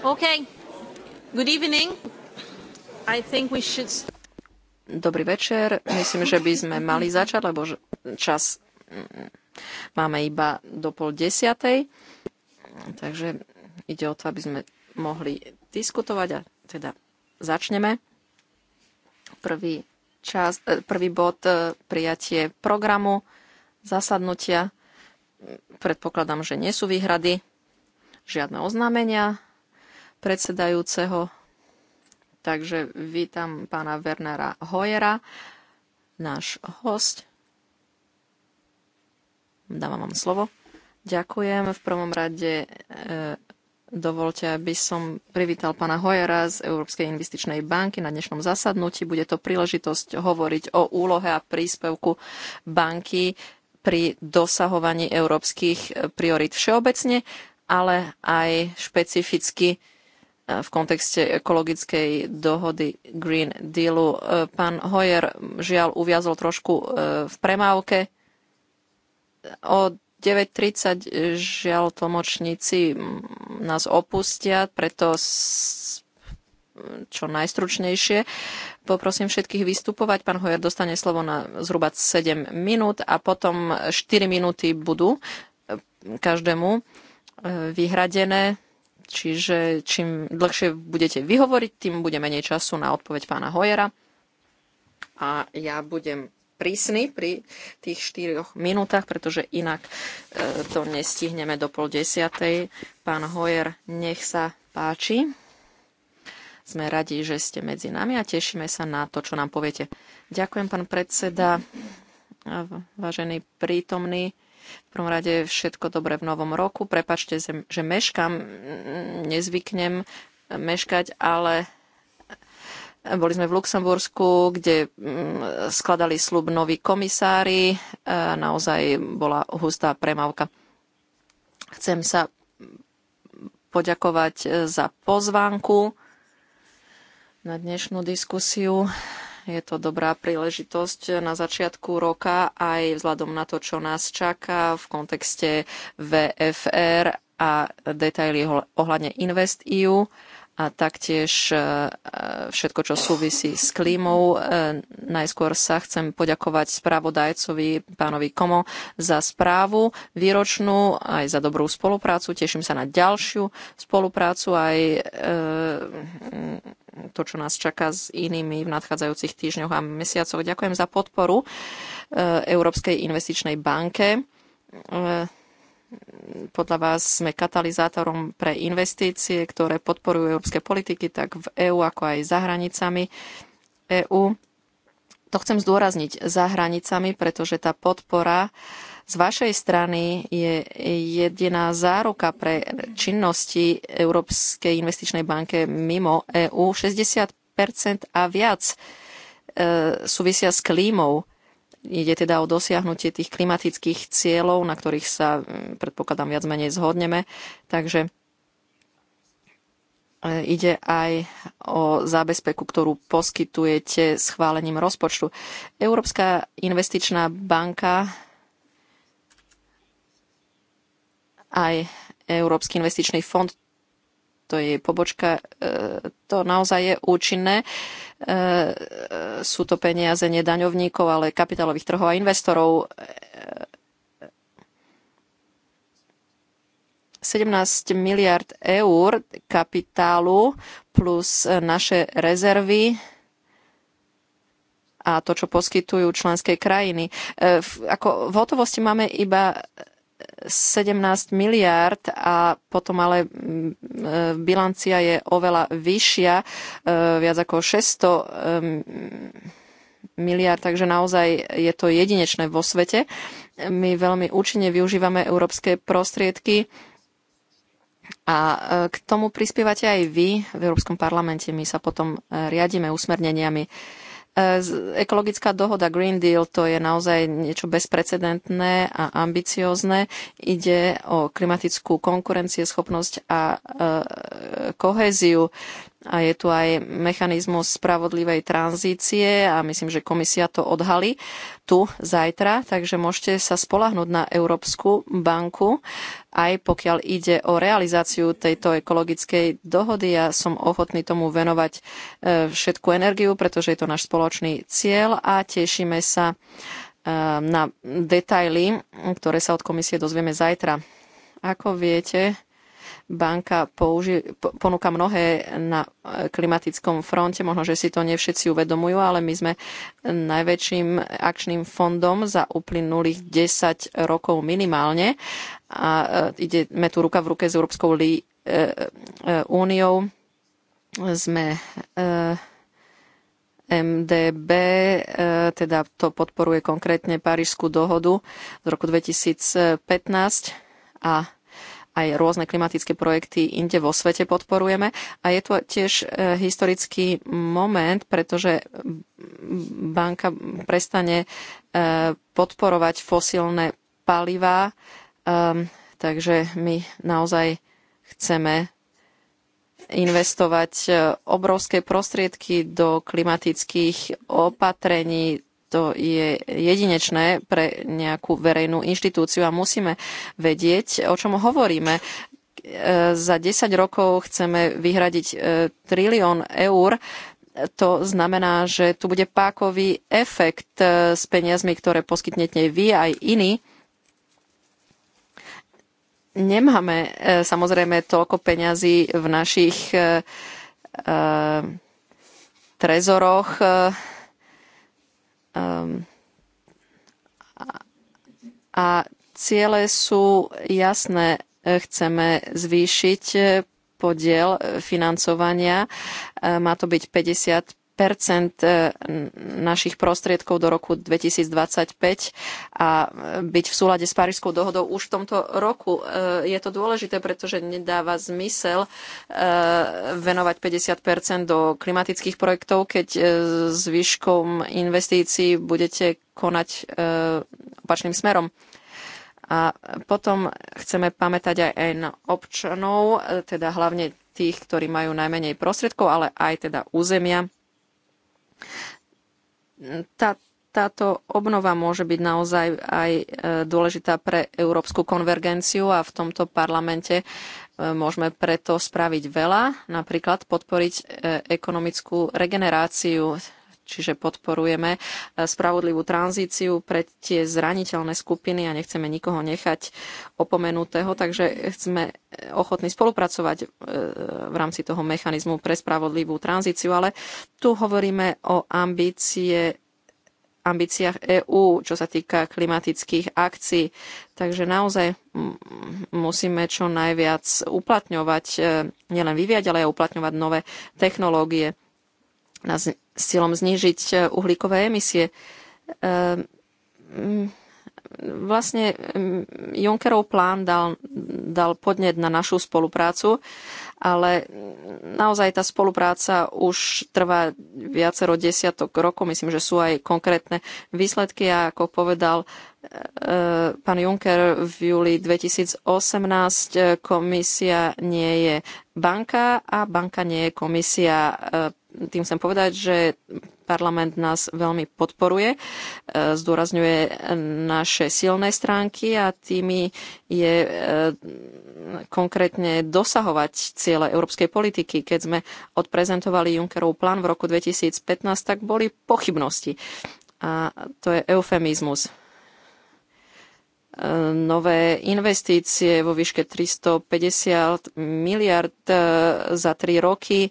Dobrý večer. Myslím, že by sme mali začať, lebo čas mm, máme iba do pol desiatej. Takže ide o to, aby sme mohli diskutovať a teda začneme. Prvý, čas, e, prvý bod e, prijatie programu zasadnutia. Predpokladám, že nie sú výhrady, žiadne oznámenia predsedajúceho. Takže vítam pána Wernera Hojera, náš host. Dávam vám slovo. Ďakujem. V prvom rade e, dovolte, aby som privítal pána Hojera z Európskej investičnej banky na dnešnom zasadnutí. Bude to príležitosť hovoriť o úlohe a príspevku banky pri dosahovaní európskych priorit všeobecne, ale aj špecificky v kontexte ekologickej dohody Green Dealu. E, pán Hoyer žiaľ uviazol trošku e, v premávke. O 9.30 žiaľ tlmočníci nás opustia, preto čo najstručnejšie. Poprosím všetkých vystupovať. Pán Hojer dostane slovo na zhruba 7 minút a potom 4 minúty budú e, každému vyhradené Čiže čím dlhšie budete vyhovoriť, tým bude menej času na odpoveď pána Hojera. A ja budem prísny pri tých 4 minútach, pretože inak e, to nestihneme do pol desiatej. Pán Hojer, nech sa páči. Sme radi, že ste medzi nami a tešíme sa na to, čo nám poviete. Ďakujem, pán predseda, vážený prítomný. V prvom rade všetko dobré v novom roku. Prepačte, že meškam, mm, nezvyknem meškať, ale boli sme v Luxembursku, kde mm, skladali slub noví komisári. E, naozaj bola hustá premávka. Chcem sa poďakovať za pozvánku na dnešnú diskusiu. Je to dobrá príležitosť na začiatku roka aj vzhľadom na to, čo nás čaká v kontexte VFR a detaily ohľadne InvestEU. EU a taktiež e, e, všetko, čo súvisí s klímou. E, najskôr sa chcem poďakovať správodajcovi pánovi Komo za správu výročnú, aj za dobrú spoluprácu. Teším sa na ďalšiu spoluprácu, aj to, čo nás čaká s inými v nadchádzajúcich týždňoch a mesiacoch. Ďakujem za podporu Európskej investičnej banke podľa vás sme katalizátorom pre investície, ktoré podporujú európske politiky, tak v EÚ ako aj za hranicami EÚ. To chcem zdôrazniť za hranicami, pretože tá podpora z vašej strany je jediná záruka pre činnosti Európskej investičnej banke mimo EÚ. 60 a viac e, súvisia s klímou Ide teda o dosiahnutie tých klimatických cieľov, na ktorých sa, mm, predpokladám, viac menej zhodneme. Takže e, ide aj o zábezpeku, ktorú poskytujete schválením rozpočtu. Európska investičná banka aj Európsky investičný fond to je pobočka, e, to naozaj je účinné. E, sú to peniaze nedaňovníkov, ale kapitálových trhov a investorov. 17 e, miliard eur kapitálu plus naše rezervy a to, čo poskytujú členské krajiny. V, ako v hotovosti máme iba 17 miliárd a potom ale mm, e, bilancia je oveľa vyššia, e, viac ako 600 e, miliárd, takže naozaj je to jedinečné vo svete. My veľmi účinne využívame európske prostriedky a k tomu prispievate aj vy v Európskom parlamente. My sa potom riadíme usmerneniami Ekologická dohoda Green Deal to je naozaj niečo bezprecedentné a ambiciózne. Ide o klimatickú konkurencieschopnosť a e, kohéziu a je tu aj mechanizmus spravodlivej tranzície a myslím, že komisia to odhalí tu zajtra, takže môžete sa spolahnúť na Európsku banku, aj pokiaľ ide o realizáciu tejto ekologickej dohody. Ja som ochotný tomu venovať e, všetku energiu, pretože je to náš spoločný cieľ a tešíme sa e, na detaily, ktoré sa od komisie dozvieme zajtra. Ako viete, banka použi- ponúka mnohé na e, klimatickom fronte. Možno, že si to nevšetci uvedomujú, ale my sme najväčším akčným fondom za uplynulých 10 rokov minimálne. A e, ideme tu ruka v ruke s Európskou lí- e, úniou. Sme MDB, teda to podporuje konkrétne Parížskú dohodu z roku 2015 a aj rôzne klimatické projekty inde vo svete podporujeme. A je to tiež e, historický moment, pretože banka prestane e, podporovať fosílne palivá, ehm, takže my naozaj chceme investovať e, obrovské prostriedky do klimatických opatrení, to je jedinečné pre nejakú verejnú inštitúciu a musíme vedieť, o čom hovoríme. E, za 10 rokov chceme vyhradiť e, trilión eur. To znamená, že tu bude pákový efekt e, s peniazmi, ktoré poskytnete vy aj iní. Nemáme samozrejme toľko peňazí v našich trezoroch Um, a, ciele sú jasné. E, chceme zvýšiť e, podiel e, financovania. Má to byť percent e, našich prostriedkov do roku 2025 a e, byť v súlade s Parížskou dohodou už v tomto roku. E, je to dôležité, pretože nedáva zmysel venovať 50 do klimatických projektov, keď zvyškom investícií budete konať opačným smerom. A potom chceme pamätať aj, aj na občanov, teda hlavne tých, ktorí majú najmenej prostriedkov, ale aj teda územia, tá, táto obnova môže byť naozaj aj e, dôležitá pre európsku konvergenciu a v tomto parlamente e, môžeme preto spraviť veľa, napríklad podporiť e, ekonomickú regeneráciu Čiže podporujeme eh, spravodlivú tranzíciu pre tie zraniteľné skupiny a nechceme nikoho nechať opomenutého, takže sme eh, ochotní spolupracovať eh, v rámci toho mechanizmu pre spravodlivú tranzíciu, ale tu hovoríme o ambície ambíciách EÚ, čo sa týka klimatických akcií. Takže naozaj mm, musíme čo najviac uplatňovať, nielen vyviať, ale aj uplatňovať nové technológie na s cieľom znížiť e, uhlíkové emisie. Ehm, mm, vlastne mm, Junckerov plán dal, dal podnet na našu spoluprácu, ale naozaj tá spolupráca už trvá viacero desiatok rokov. Myslím, že sú aj konkrétne výsledky a ako povedal e, pán Juncker v júli 2018, e, komisia nie je banka a banka nie je komisia tým chcem povedať, že parlament nás veľmi podporuje, e, zdôrazňuje naše silné stránky a tými je e, konkrétne dosahovať ciele európskej politiky. Keď sme odprezentovali Junckerov plán v roku 2015, tak boli pochybnosti. A to je eufemizmus e, nové investície vo výške 350 miliard za 3 roky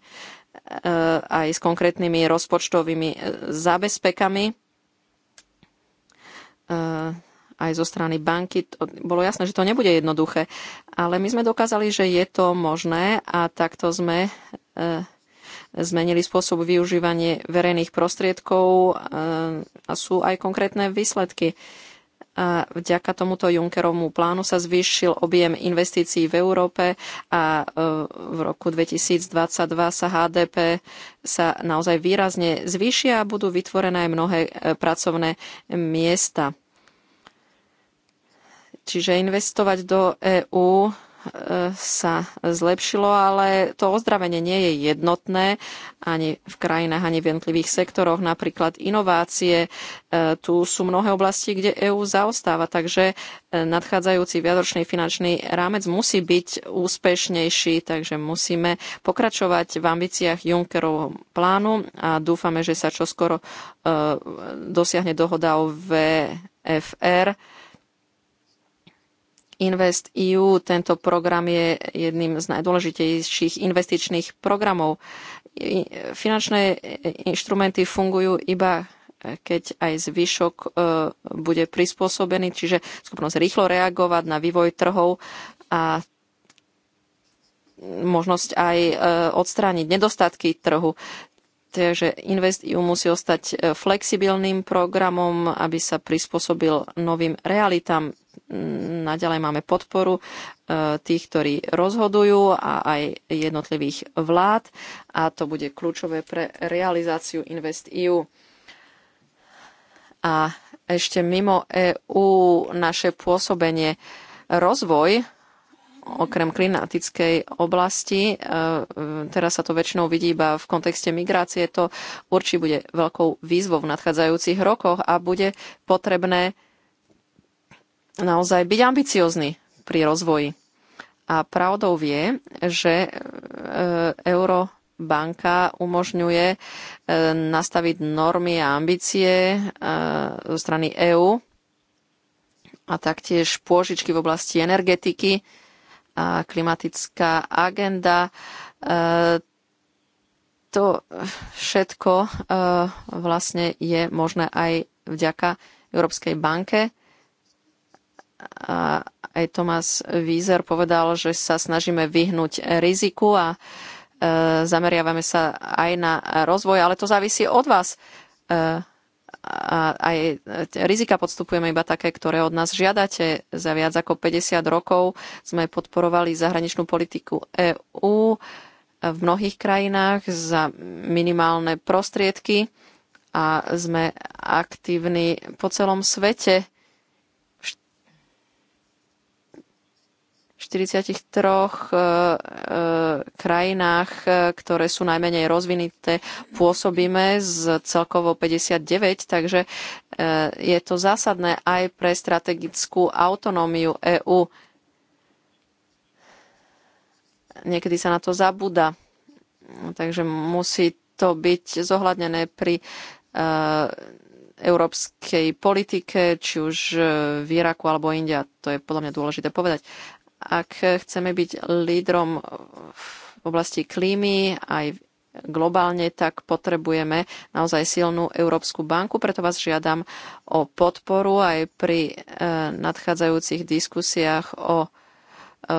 E, aj s konkrétnymi rozpočtovými e, zábezpekami e, aj zo strany banky. bolo jasné, že to nebude jednoduché, ale my sme dokázali, že je to možné a takto sme zmenili spôsob využívania verejných prostriedkov a sú aj konkrétne výsledky. A vďaka tomuto Junckerovmu plánu sa zvýšil objem investícií v Európe a e, v roku 2022 sa HDP sa naozaj výrazne zvýšia a budú vytvorené aj mnohé e, pracovné miesta. Čiže investovať do EÚ sa zlepšilo, ale to ozdravenie nie je jednotné ani v krajinách, ani v jednotlivých sektoroch. Napríklad inovácie, e, tu sú mnohé oblasti, kde EÚ zaostáva, takže e, nadchádzajúci viadročný finančný rámec musí byť úspešnejší, takže musíme pokračovať v ambíciách Junckerovho plánu a dúfame, že sa čoskoro e, dosiahne dohoda o VFR Invest EU. Tento program je jedným z najdôležitejších investičných programov. Finančné inštrumenty fungujú iba eh, keď aj zvyšok eh, bude prispôsobený, čiže schopnosť rýchlo reagovať na vývoj trhov a možnosť aj eh, odstrániť nedostatky trhu. Takže Invest EU musí ostať flexibilným programom, aby sa prispôsobil novým realitám. Naďalej máme podporu e, tých, ktorí rozhodujú a aj jednotlivých vlád a to bude kľúčové pre realizáciu InvestEU. A ešte mimo EÚ naše pôsobenie rozvoj okrem klimatickej oblasti. E, teraz sa to väčšinou vidí iba v kontexte migrácie. To určite bude veľkou výzvou v nadchádzajúcich rokoch a bude potrebné naozaj byť ambiciozný pri rozvoji. A pravdou je, že e, Eurobanka umožňuje e, nastaviť normy a ambície e, zo strany EÚ a taktiež pôžičky v oblasti energetiky a klimatická agenda. To všetko vlastne je možné aj vďaka Európskej banke a aj Tomás Vízer povedal, že sa snažíme vyhnúť riziku a e, zameriavame sa aj na rozvoj, ale to závisí od vás. E, a aj rizika podstupujeme iba také, ktoré od nás žiadate. Za viac ako 50 rokov sme podporovali zahraničnú politiku EÚ e, v mnohých krajinách za minimálne prostriedky a sme aktívni po celom svete 43 e, e, krajinách, e, ktoré sú najmenej rozvinuté, pôsobíme z celkovo 59, takže je to zásadné aj pre strategickú autonómiu EÚ. Niekedy sa na to zabúda, takže musí to byť zohľadnené pri európskej politike, či už v Iraku alebo India. To je podľa mňa dôležité povedať. Ak chceme byť lídrom v oblasti klímy aj globálne, tak potrebujeme naozaj silnú Európsku banku. Preto vás žiadam o podporu aj pri e, nadchádzajúcich diskusiách o e,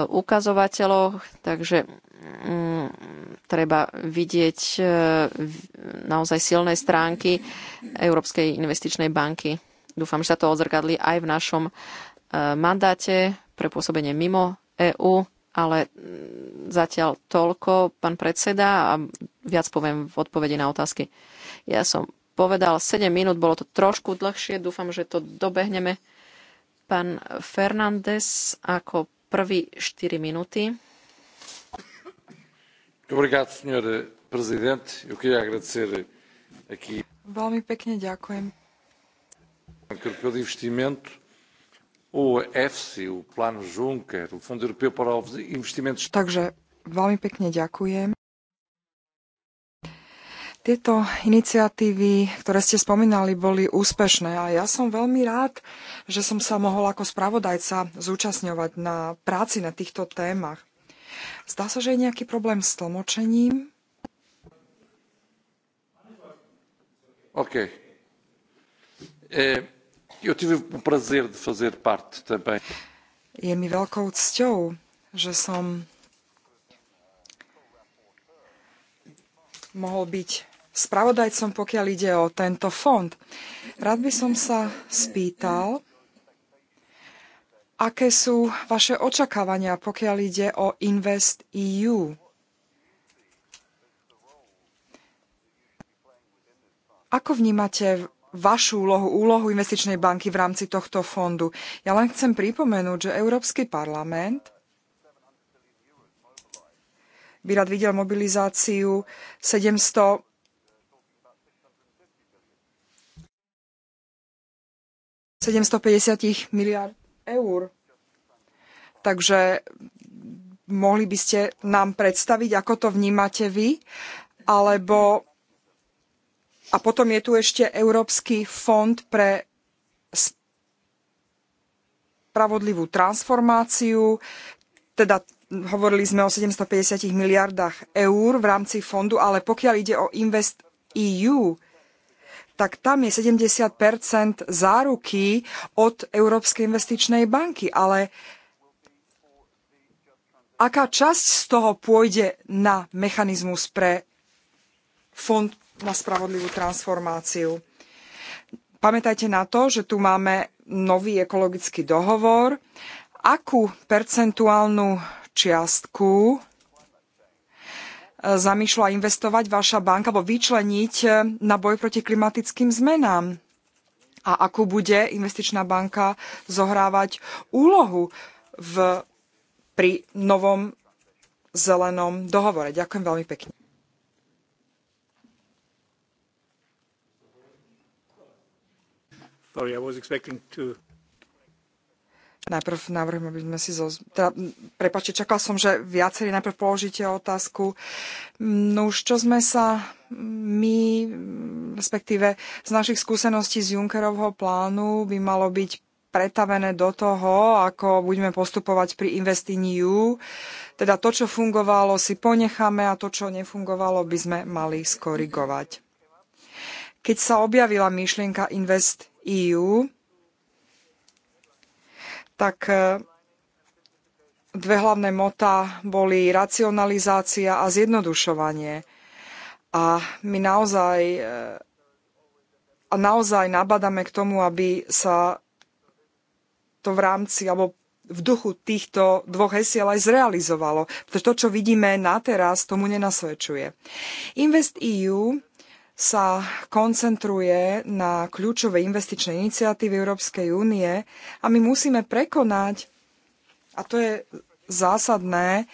ukazovateľoch. Takže mm, treba vidieť e, naozaj silné stránky Európskej investičnej banky. Dúfam, že sa to odzrkadli aj v našom mandáte pre pôsobenie mimo EÚ, ale mm, zatiaľ toľko, pán predseda, a viac poviem v odpovedi na otázky. Ja som povedal 7 minút, bolo to trošku dlhšie, dúfam, že to dobehneme. Pán Fernández ako prvý 4 minúty. Veľmi pekne ďakujem o EFSI, o Juncker, o Fundo Europeu para e investimentos. Takže veľmi pekne ďakujem. Tieto iniciatívy, ktoré ste spomínali, boli úspešné a ja som veľmi rád, že som sa mohol ako spravodajca zúčastňovať na práci na týchto témach. Zdá sa, že je nejaký problém s tlmočením. OK. Eh, je mi veľkou cťou, že som mohol byť spravodajcom, pokiaľ ide o tento fond. Rád by som sa spýtal, aké sú vaše očakávania, pokiaľ ide o Invest EU. Ako vnímate vašu úlohu, úlohu investičnej banky v rámci tohto fondu. Ja len chcem pripomenúť, že Európsky parlament by rád videl mobilizáciu 700 750 miliard eur. Takže mohli by ste nám predstaviť, ako to vnímate vy, alebo a potom je tu ešte Európsky fond pre spravodlivú transformáciu, teda hovorili sme o 750 miliardách eur v rámci fondu, ale pokiaľ ide o Invest EU, tak tam je 70 záruky od Európskej investičnej banky. Ale aká časť z toho pôjde na mechanizmus pre fond na spravodlivú transformáciu. Pamätajte na to, že tu máme nový ekologický dohovor. Akú percentuálnu čiastku e, zamýšľa investovať vaša banka alebo vyčleniť e, na boj proti klimatickým zmenám? A akú bude investičná banka zohrávať úlohu v, pri novom zelenom dohovore? Ďakujem veľmi pekne. Sorry, I was expecting to Najprv navrhujem, aby sme si zo... Teda, prepačte, čakal som, že viacerí najprv položíte otázku. No už čo sme sa my, respektíve z našich skúseností z Junckerovho plánu by malo byť pretavené do toho, ako budeme postupovať pri investiniu. Teda to, čo fungovalo, si ponecháme a to, čo nefungovalo, by sme mali skorigovať. Keď sa objavila myšlienka Invest EU, tak e, dve hlavné mota boli racionalizácia a zjednodušovanie. A my naozaj, e, a naozaj nabadame k tomu, aby sa to v rámci alebo v duchu týchto dvoch hesiel aj zrealizovalo. Pretože to, čo vidíme na teraz, tomu nenasvedčuje. Invest EU sa koncentruje na kľúčové investičné iniciatívy Európskej únie a my musíme prekonať, a to je zásadné,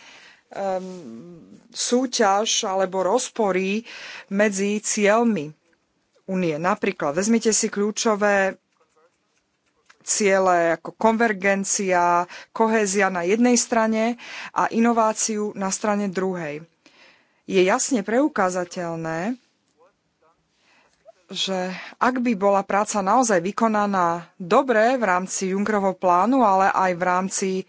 um, súťaž alebo rozpory medzi cieľmi únie. Napríklad vezmite si kľúčové ciele ako konvergencia, kohézia na jednej strane a inováciu na strane druhej. Je jasne preukázateľné, že ak by bola práca naozaj vykonaná dobre v rámci Junckerovho plánu, ale aj v rámci e,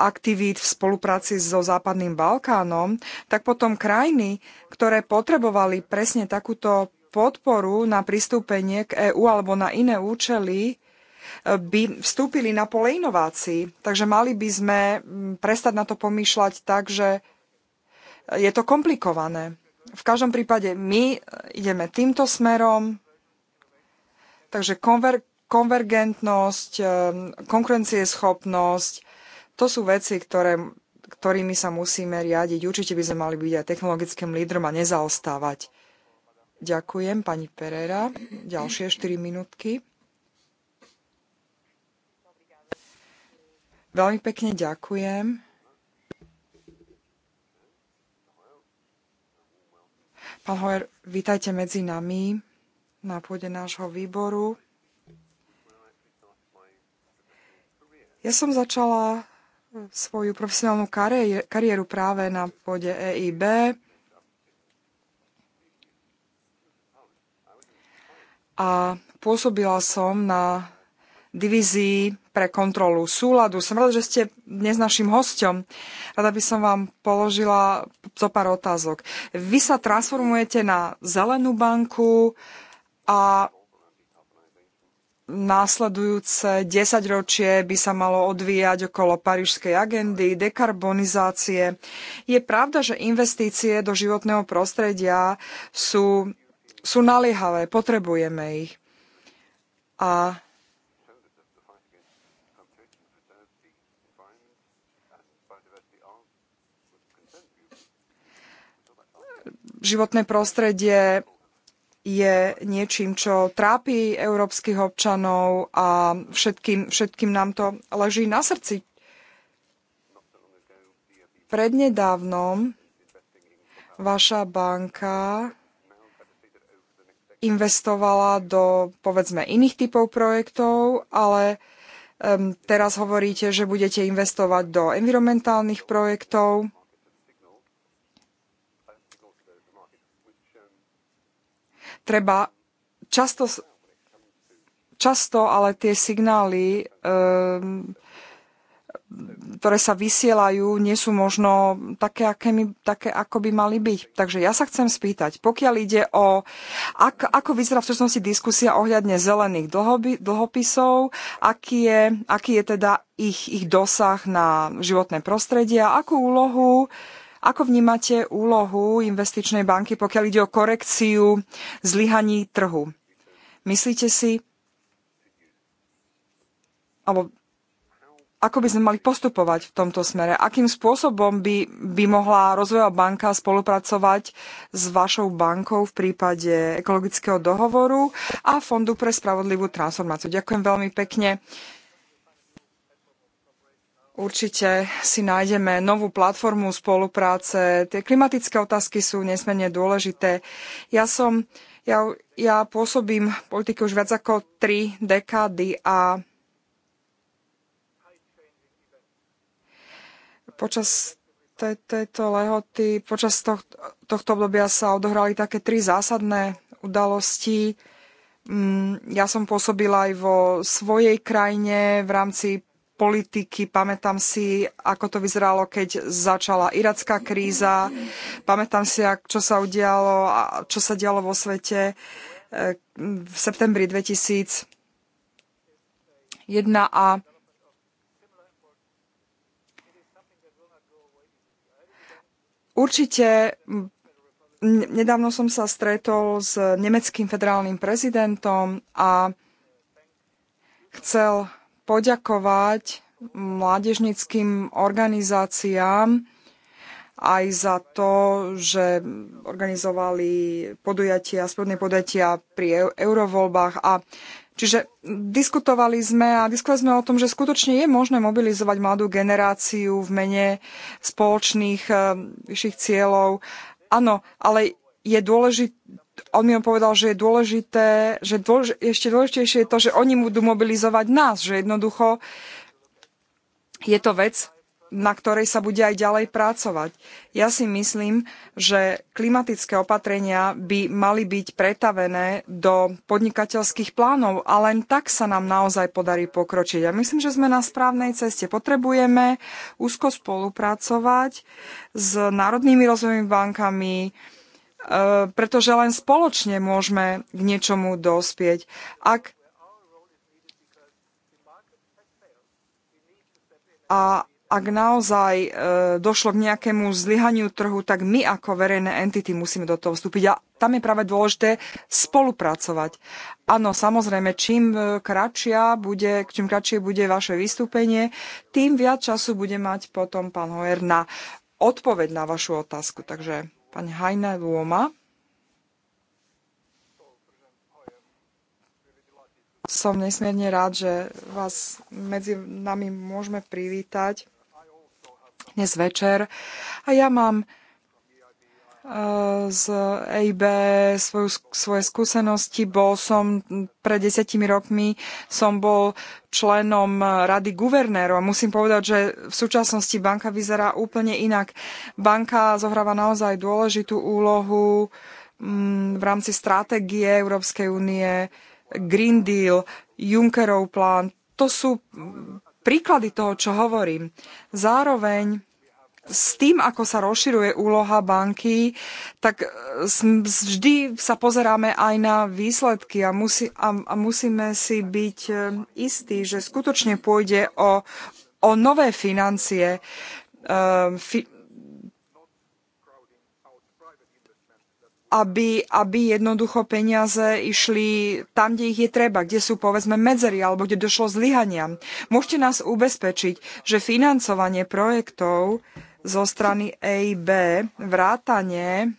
aktivít v spolupráci so Západným Balkánom, tak potom krajiny, ktoré potrebovali presne takúto podporu na pristúpenie k EÚ alebo na iné účely, e, by vstúpili na pole inovácií. Takže mali by sme prestať na to pomýšľať tak, že je to komplikované v každom prípade my e, ideme týmto smerom, takže konver- konvergentnosť, e, konkurencieschopnosť, to sú veci, ktoré, ktorými sa musíme riadiť. Určite by sme mali byť aj technologickým lídrom a nezaostávať. Ďakujem, pani Pereira. Ďalšie 4 minútky. Veľmi pekne ďakujem. Pán Hoer, vítajte medzi nami na pôde nášho výboru. Ja som začala svoju profesionálnu kariéru, kariéru práve na pôde EIB. A pôsobila som na divízii pre kontrolu súladu. Som rada, že ste dnes našim hostom. Rada by som vám položila zo pár otázok. Vy sa transformujete na zelenú banku a následujúce desaťročie by sa malo odvíjať okolo parížskej agendy, dekarbonizácie. Je pravda, že investície do životného prostredia sú, sú naliehavé, potrebujeme ich. A životné prostredie je niečím, čo trápi európskych občanov a všetkým, všetkým nám to leží na srdci. Prednedávnom vaša banka investovala do povedzme iných typov projektov, ale um, teraz hovoríte, že budete investovať do environmentálnych projektov. treba často, často ale tie signály, um, ktoré sa vysielajú, nie sú možno také, aké, my, také, ako by mali byť. Takže ja sa chcem spýtať, pokiaľ ide o, ak, ako vyzerá v súčasnosti diskusia ohľadne zelených dlhoby, dlhopisov, aký je, aký je teda ich, ich dosah na životné prostredie a akú úlohu uh, ako vnímate úlohu investičnej banky, pokiaľ ide o korekciu zlyhaní trhu? Myslíte si, alebo ako by sme mali postupovať v tomto smere? Akým spôsobom by, by mohla rozvojová banka spolupracovať s vašou bankou v prípade ekologického dohovoru a Fondu pre spravodlivú transformáciu? Ďakujem veľmi pekne. Určite si nájdeme novú platformu spolupráce. Tie klimatické otázky sú nesmierne dôležité. Ja som, ja, ja pôsobím v politike už viac ako tri dekády a počas tejto lehoty, počas tohto, tohto obdobia sa odohrali také tri zásadné udalosti. Mm, ja som pôsobila aj vo svojej krajine v rámci politiky. Pamätám si, ako to vyzeralo, keď začala iracká kríza. Pamätám si, čo sa udialo a čo sa dialo vo svete eh, v septembri 2001 a Určite nedávno som sa stretol s nemeckým federálnym prezidentom a chcel poďakovať mládežnickým organizáciám aj za to, že organizovali podujatia, spodné podujatia pri eurovoľbách. A čiže diskutovali sme a diskutovali sme o tom, že skutočne je možné mobilizovať mladú generáciu v mene spoločných eh, vyšších cieľov. Áno, ale je dôležité, on mi povedal, že je dôležité, že dôlež, ešte dôležitejšie je to, že oni budú mobilizovať nás, že jednoducho je to vec, na ktorej sa bude aj ďalej pracovať. Ja si myslím, že klimatické opatrenia by mali byť pretavené do podnikateľských plánov a len tak sa nám naozaj podarí pokročiť. Ja myslím, že sme na správnej ceste. Potrebujeme úzko spolupracovať s národnými rozvojovými bankami, E, pretože len spoločne môžeme k niečomu dospieť. Ak a ak naozaj e, došlo k nejakému zlyhaniu trhu, tak my ako verejné entity musíme do toho vstúpiť. A tam je práve dôležité spolupracovať. Áno, samozrejme, čím, e, kratšia bude, čím kratšie bude vaše vystúpenie, tým viac času bude mať potom pán Hoer na odpoveď na vašu otázku. Takže Pani Hajna Luoma. Som nesmierne rád, že vás medzi nami môžeme privítať dnes večer. A ja mám z EIB svoju, svoje skúsenosti. Bol som pred desiatimi rokmi som bol členom rady guvernérov a musím povedať, že v súčasnosti banka vyzerá úplne inak. Banka zohráva naozaj dôležitú úlohu mm, v rámci stratégie Európskej únie, Green Deal, Junckerov plán. To sú mm, príklady toho, čo hovorím. Zároveň s tým, ako sa rozširuje úloha banky, tak eh, vždy sa pozeráme aj na výsledky a, musí, a, a musíme si byť eh, istí, že skutočne pôjde o, o nové financie. Eh, fi, aby, aby jednoducho peniaze išli tam, kde ich je treba, kde sú povedzme medzery alebo kde došlo zlyhania. Môžete nás ubezpečiť, že financovanie projektov uh, zo strany EIB vrátanie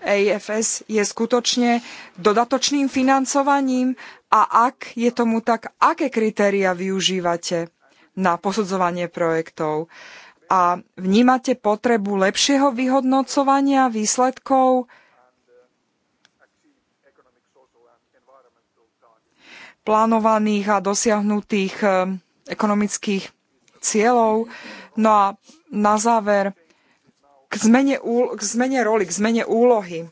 AFS je skutočne dodatočným financovaním a ak je tomu tak, aké kritéria využívate na posudzovanie projektov? A vnímate potrebu lepšieho vyhodnocovania výsledkov plánovaných a dosiahnutých eh, ekonomických cieľov? No a na záver k zmene, úlo- k zmene roli, k zmene úlohy.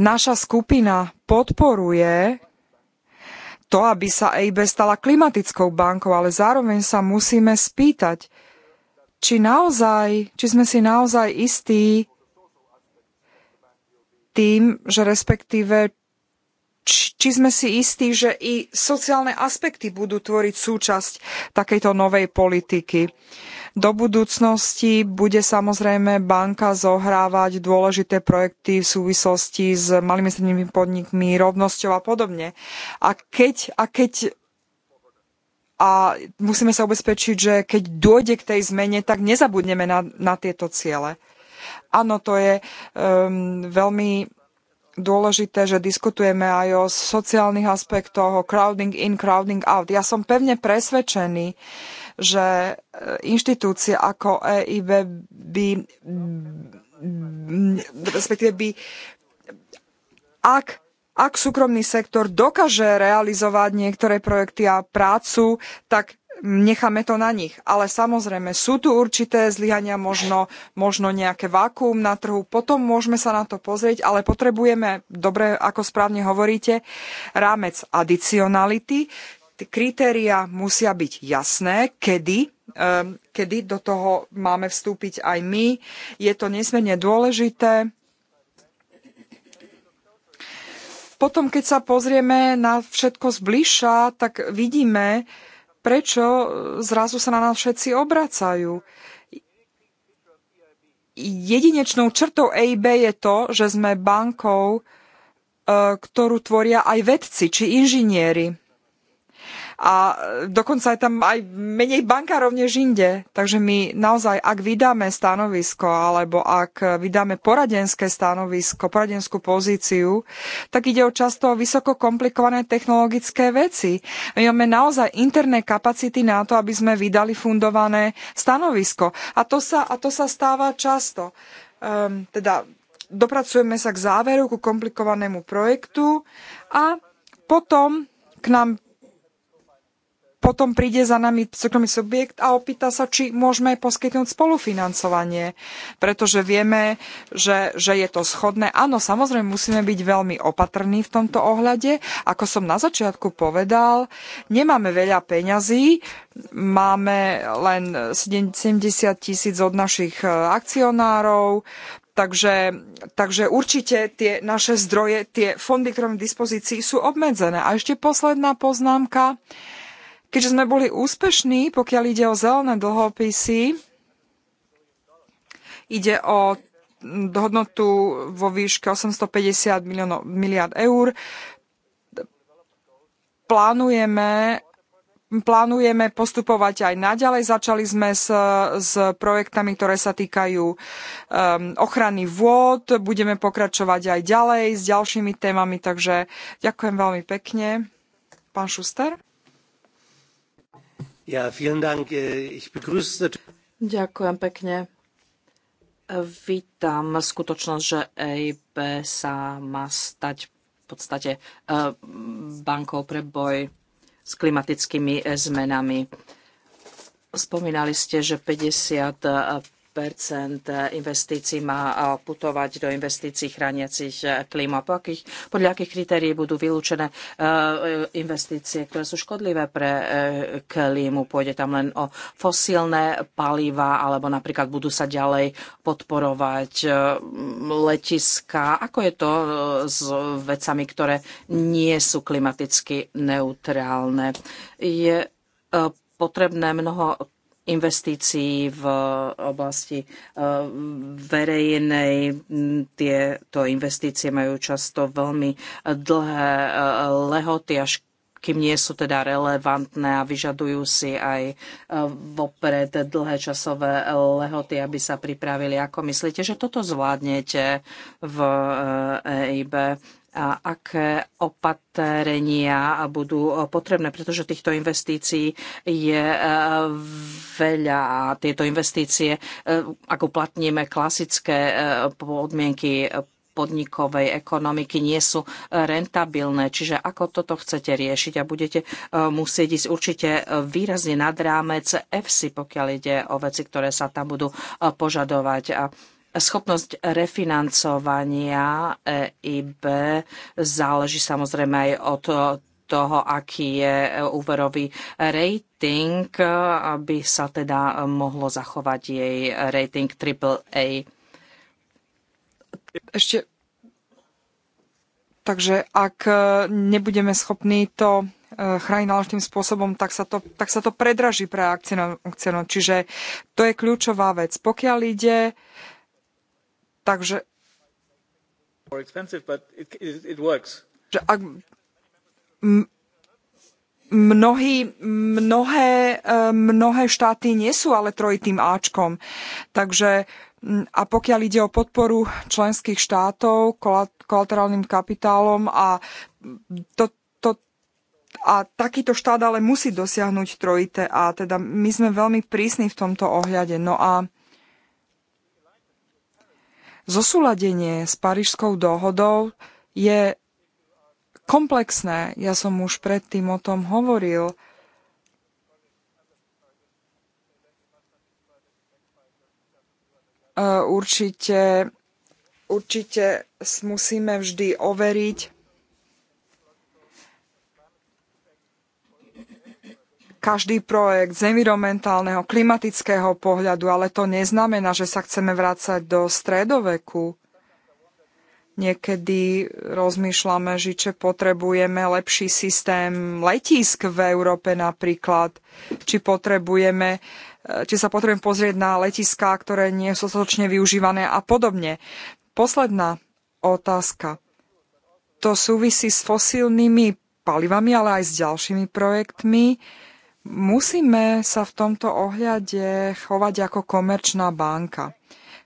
Naša skupina podporuje to, aby sa EIB stala klimatickou bankou, ale zároveň sa musíme spýtať, či naozaj, či sme si naozaj istí tým, že respektíve či, sme si istí, že i sociálne aspekty budú tvoriť súčasť takejto novej politiky. Do budúcnosti bude samozrejme banka zohrávať dôležité projekty v súvislosti s malými strednými podnikmi, rovnosťou a podobne. A keď, a keď a musíme sa ubezpečiť, že keď dôjde k tej zmene, tak nezabudneme na, na tieto ciele. Áno, to je um, veľmi dôležité, že diskutujeme aj o sociálnych aspektoch, o crowding in, crowding out. Ja som pevne presvedčený, že e, inštitúcie ako EIB by, respektíve by, ak ak súkromný sektor dokáže realizovať niektoré projekty a prácu, tak necháme to na nich. Ale samozrejme, sú tu určité zlyhania, možno, možno nejaké vákuum na trhu, potom môžeme sa na to pozrieť, ale potrebujeme, dobre, ako správne hovoríte, rámec adicionality. Kritéria musia byť jasné, kedy ehm, kedy do toho máme vstúpiť aj my. Je to nesmierne dôležité. Potom, keď sa pozrieme na všetko zbližša, tak vidíme, prečo e, zrazu sa na nás všetci obracajú. Jedinečnou črtou EIB je to, že sme bankou, e, ktorú tvoria aj vedci či inžinieri a dokonca je tam aj menej bankárov než inde. Takže my naozaj, ak vydáme stanovisko alebo ak vydáme poradenské stanovisko, poradenskú pozíciu, tak ide o často vysoko komplikované technologické veci. My máme naozaj interné kapacity na to, aby sme vydali fundované stanovisko. A to sa, a to sa stáva často. Um, teda dopracujeme sa k záveru, ku komplikovanému projektu a potom k nám potom príde za nami súkromný subjekt a opýta sa, či môžeme poskytnúť spolufinancovanie, pretože vieme, že, že je to schodné. Áno, samozrejme, musíme byť veľmi opatrní v tomto ohľade. Ako som na začiatku povedal, nemáme veľa peňazí, máme len 70 tisíc od našich e, akcionárov, Takže, takže určite tie naše zdroje, tie fondy, ktoré v dispozícii, sú obmedzené. A ešte posledná poznámka. Uh, Keďže sme boli úspešní, pokiaľ ide o zelené dlhopisy, ide o hodnotu vo výške 850 miliónov, miliard eur. Plánujeme plánujeme postupovať aj naďalej. Začali sme s, s projektami, ktoré sa týkajú um, ochrany vôd. Budeme pokračovať aj ďalej s ďalšími témami, takže ďakujem veľmi pekne. Pán Šuster? Äh, Ďakujem pekne. Äh, vítam skutočnosť, že EIB sa má stať v podstate äh, bankou pre boj s klimatickými zmenami. Spomínali ste, že 50 investícií má putovať do investícií chrániacich e, klíma. Po akých, podľa akých kritérií budú vylúčené e, e, investície, ktoré sú škodlivé pre klímu? Pôjde tam len o fosílne paliva, alebo napríklad budú sa ďalej podporovať letiska. Ako je to s vecami, ktoré nie sú klimaticky neutrálne? Je potrebné mnoho investícií v oblasti eh, verejnej. Tieto investície majú často veľmi eh, dlhé eh, lehoty, až kým nie sú teda relevantné a vyžadujú si aj vopred dlhé časové lehoty, aby sa pripravili. Ako myslíte, že toto zvládnete v EIB? E a aké opatrenia budú potrebné, pretože týchto investícií je e, veľa. Tieto investície, e, ak uplatníme klasické e, podmienky podnikovej ekonomiky nie sú rentabilné. Čiže ako toto chcete riešiť a budete musieť ísť určite výrazne nad rámec EFSI, pokiaľ ide o veci, ktoré sa tam budú požadovať. A Schopnosť refinancovania EIB záleží samozrejme aj od toho, aký je úverový rating, aby sa teda mohlo zachovať jej rating AAA. Ešte Takže ak e, nebudeme schopní to e, chrániť náležitým spôsobom, tak sa to, tak sa to predraží pre akcionov. Čiže to je kľúčová vec. Pokiaľ ide Takže mnohí, mnohé, e, mnohé štáty nie sú ale trojitým Ačkom. Takže a pokiaľ ide o podporu členských štátov kolaterálnym kapitálom a, to, to, a takýto štát ale musí dosiahnuť trojité A. Teda my sme veľmi prísni v tomto ohľade. No a Zosúladenie s Parížskou dohodou je komplexné. Ja som už predtým o tom hovoril. E, určite, určite musíme vždy overiť, každý projekt z environmentálneho, klimatického pohľadu, ale to neznamená, že sa chceme vrácať do stredoveku. Niekedy rozmýšľame, že potrebujeme lepší systém letísk v Európe napríklad, či potrebujeme eh, či sa potrebujem pozrieť na letiská, ktoré nie sú dostatočne využívané a podobne. Posledná otázka. To súvisí s fosílnymi palivami, ale aj s ďalšími projektmi Musíme sa v tomto ohľade chovať ako komerčná banka.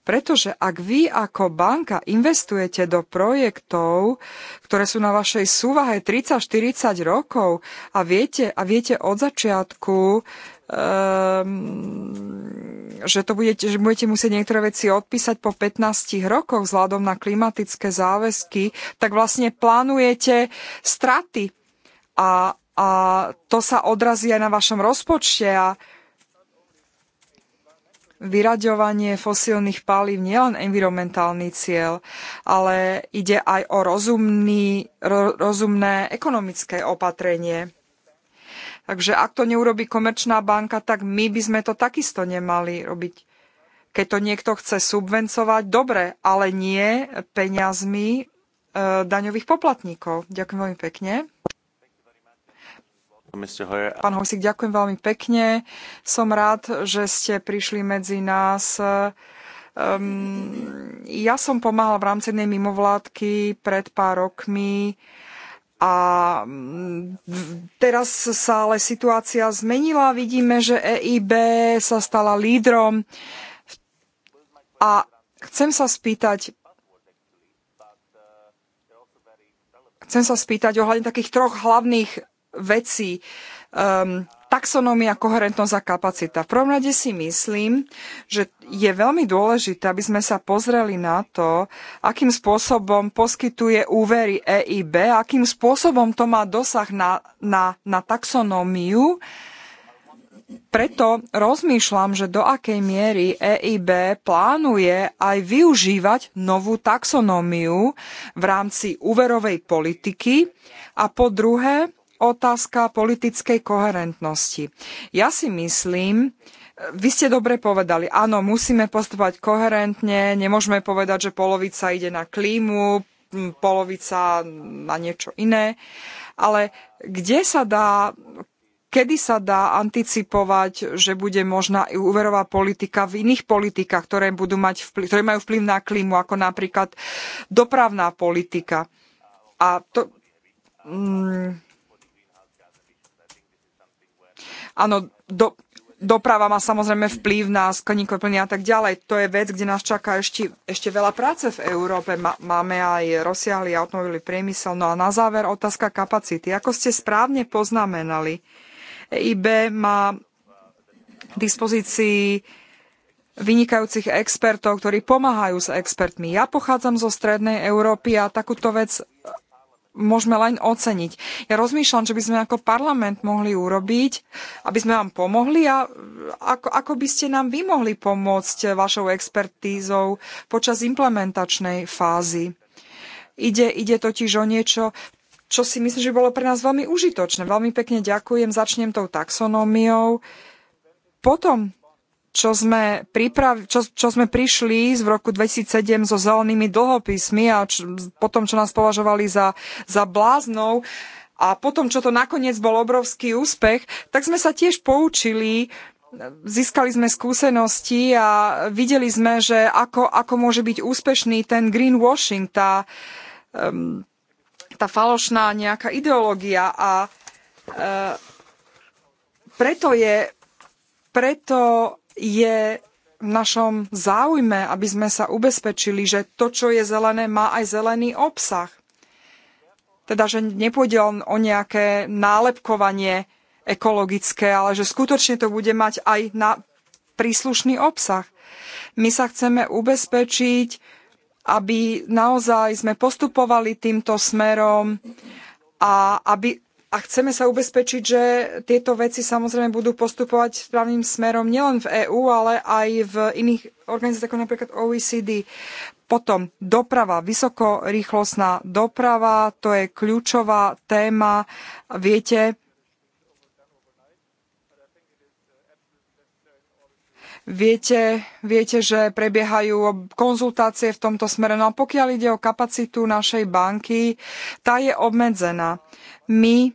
Pretože ak vy ako banka investujete do projektov, ktoré sú na vašej súvahe 30-40 rokov a viete, a viete od začiatku, um, že, to budete, že budete musieť niektoré veci odpísať po 15 rokoch vzhľadom na klimatické záväzky, tak vlastne plánujete straty. A a to sa odrazí aj na vašom rozpočte a vyraďovanie fosílnych palív nie len environmentálny cieľ, ale ide aj o rozumný, ro, rozumné ekonomické opatrenie. Takže ak to neurobi komerčná banka, tak my by sme to takisto nemali robiť. Keď to niekto chce subvencovať, dobre, ale nie peniazmi e, daňových poplatníkov. Ďakujem veľmi pekne. Pán Hosik, ďakujem veľmi pekne. Som rád, že ste prišli medzi nás. Um, ja som pomáhala v rámci jednej mimovládky pred pár rokmi a mm, teraz sa ale situácia zmenila. Vidíme, že EIB sa stala lídrom a chcem sa spýtať, chcem sa spýtať ohľadne takých troch hlavných vecí um, taxonómia, koherentnosť a kapacita. V prvom rade si myslím, že je veľmi dôležité, aby sme sa pozreli na to, akým spôsobom poskytuje úvery EIB, akým spôsobom to má dosah na, na, na taxonómiu. Preto rozmýšľam, že do akej miery EIB plánuje aj využívať novú taxonómiu v rámci úverovej politiky a po druhé, otázka politickej koherentnosti. Ja si myslím, vy ste dobre povedali, áno, musíme postupovať koherentne, nemôžeme povedať, že polovica ide na klímu, polovica na niečo iné, ale kde sa dá kedy sa dá anticipovať, že bude možná i úverová politika v iných politikách, ktoré, budú mať vplyv, ktoré majú vplyv na klímu, ako napríklad dopravná politika. A to, mm, Áno, do, doprava má samozrejme vplyv na skleníkové plyny a tak ďalej. To je vec, kde nás čaká ešte, ešte veľa práce v Európe. Máme aj rozsiahly automobilový priemysel. No a na záver otázka kapacity. Ako ste správne poznamenali, EIB má k dispozícii vynikajúcich expertov, ktorí pomáhajú s expertmi. Ja pochádzam zo Strednej Európy a takúto vec môžeme len oceniť. Ja rozmýšľam, čo by sme ako parlament mohli urobiť, aby sme vám pomohli a ako, ako by ste nám vy mohli pomôcť vašou expertízou počas implementačnej fázy. Ide, ide totiž o niečo, čo si myslím, že bolo pre nás veľmi užitočné. Veľmi pekne ďakujem, začnem tou taxonómiou. Potom čo sme, priprav, čo, čo sme prišli v roku 2007 so zelenými dlhopismi a čo, potom, čo nás považovali za, za bláznou a potom, čo to nakoniec bol obrovský úspech, tak sme sa tiež poučili, získali sme skúsenosti a videli sme, že ako, ako môže byť úspešný ten greenwashing, tá, um, tá falošná nejaká ideológia a uh, preto je preto je v našom záujme, aby sme sa ubezpečili, že to, čo je zelené, má aj zelený obsah. Teda, že nepôjde len o nejaké nálepkovanie ekologické, ale že skutočne to bude mať aj na príslušný obsah. My sa chceme ubezpečiť, aby naozaj sme postupovali týmto smerom a aby a chceme sa ubezpečiť, že tieto veci samozrejme budú postupovať správnym smerom nielen v EÚ, ale aj v iných organizáciách, ako napríklad OECD. Potom doprava, vysokorýchlostná doprava, to je kľúčová téma. Viete, Viete, viete, že prebiehajú konzultácie v tomto smere. No a pokiaľ ide o kapacitu našej banky, tá je obmedzená. My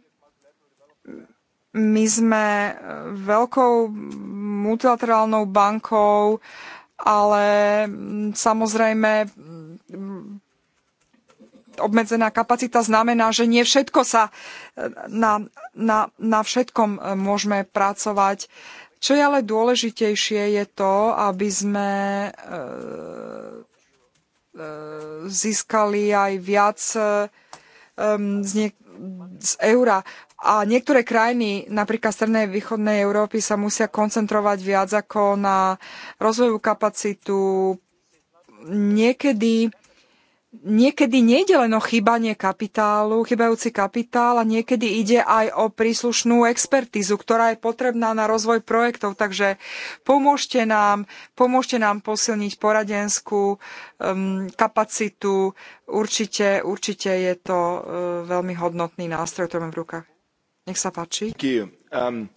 my sme e, veľkou multilaterálnou bankou, ale samozrejme obmedzená kapacita znamená, že nie všetko sa e, na, na, na všetkom e, môžeme pracovať. Čo je ale dôležitejšie je to, aby sme získali aj viac z, ne- z eura. A niektoré krajiny, napríklad Strednej a Východnej Európy, sa musia koncentrovať viac ako na rozvojovú kapacitu. Niekedy, niekedy nejde len o chýbanie kapitálu, chýbajúci kapitál a niekedy ide aj o príslušnú expertízu, ktorá je potrebná na rozvoj projektov. Takže pomôžte nám, pomôžte nám posilniť poradenskú um, kapacitu. Určite, určite je to uh, veľmi hodnotný nástroj, ktorý máme v rukách. Nech sa páči. Um,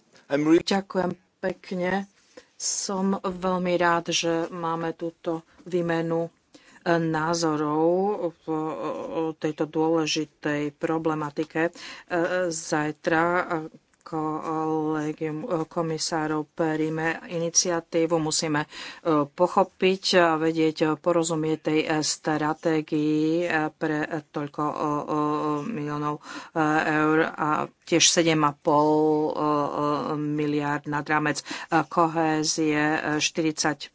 Ďakujem pekne. Som veľmi rád, že máme túto výmenu e, názorov v tejto dôležitej problematike. E, e, zajtra kolegium eh, komisárov príjme iniciatívu, musíme eh, pochopiť a vedieť, eh, porozumieť tej stratégii pre toľko miliónov eur a tiež 7,5 miliard na rámec kohézie 45,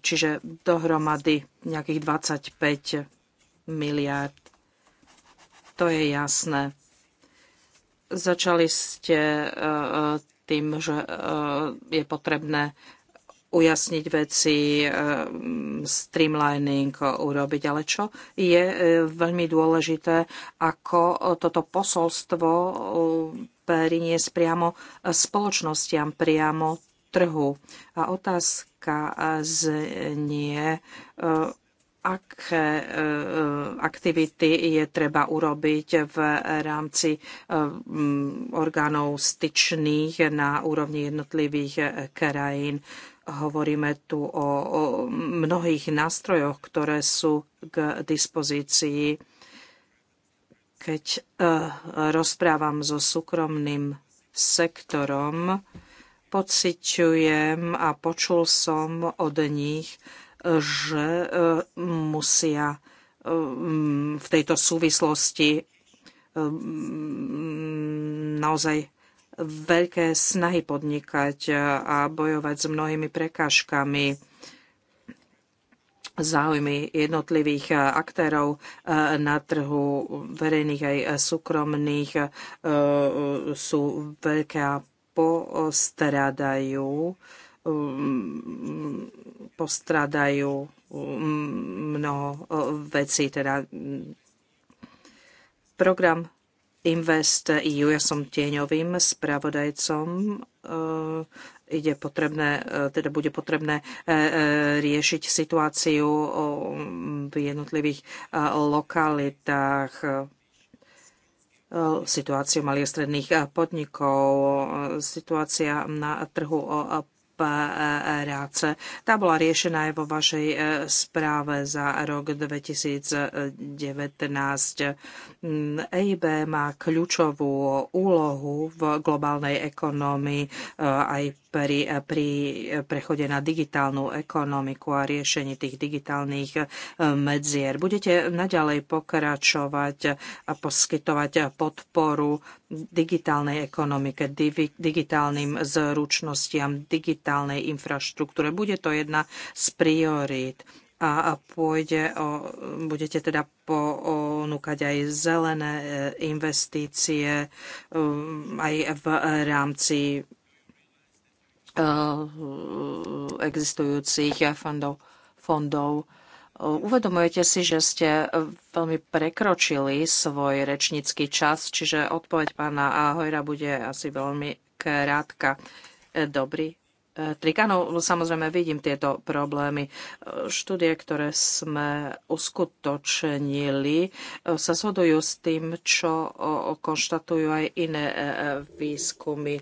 čiže dohromady nejakých 25 miliard. To je jasné. Začali ste e, e, tým, že e, je potrebné ujasniť veci, streamlining urobiť. Ale čo je veľmi dôležité, ako toto posolstvo priniesť priamo spoločnostiam, priamo trhu. A otázka znie, aké eh, aktivity je treba urobiť v rámci eh, mm, orgánov styčných na úrovni jednotlivých eh, krajín. Hovoríme tu o, mnohých nástrojoch, ktoré sú k dispozícii. Keď rozprávam so súkromným sektorom, pociťujem a počul som od nich, že e, musia e, v tejto súvislosti e, naozaj veľké snahy podnikať a bojovať s mnohými prekážkami záujmy jednotlivých aktérov na trhu verejných aj súkromných sú veľké a postradajú Um, postradajú um, mnoho uh, vecí, teda um, program Invest EU, ja som tieňovým spravodajcom, uh, ide potrebné, uh, teda bude potrebné riešiť situáciu v jednotlivých lokalitách situáciu malých a stredných podnikov, situácia na trhu práce. E, e, tá bola riešená aj vo vašej e, správe za rok 2019. Mm, EIB má kľúčovú úlohu v globálnej ekonomii aj pri, pri prechode na digitálnu ekonomiku a riešení tých digitálnych medzier. Budete naďalej pokračovať a poskytovať podporu digitálnej ekonomike, digitálnym zručnostiam, digitálnym digitálnej infraštruktúre. Bude to jedna z priorít a pôjde o, budete teda ponúkať aj zelené e, investície um, aj v rámci e, existujúcich fondov. fondov. Uvedomujete si, že ste veľmi prekročili svoj rečnícky čas, čiže odpoveď pána Ahojra bude asi veľmi krátka. E, dobrý trikanov. No, samozrejme, vidím tieto problémy. Štúdie, ktoré sme uskutočnili, sa zhodujú s tým, čo konštatujú aj iné e, e, výskumy.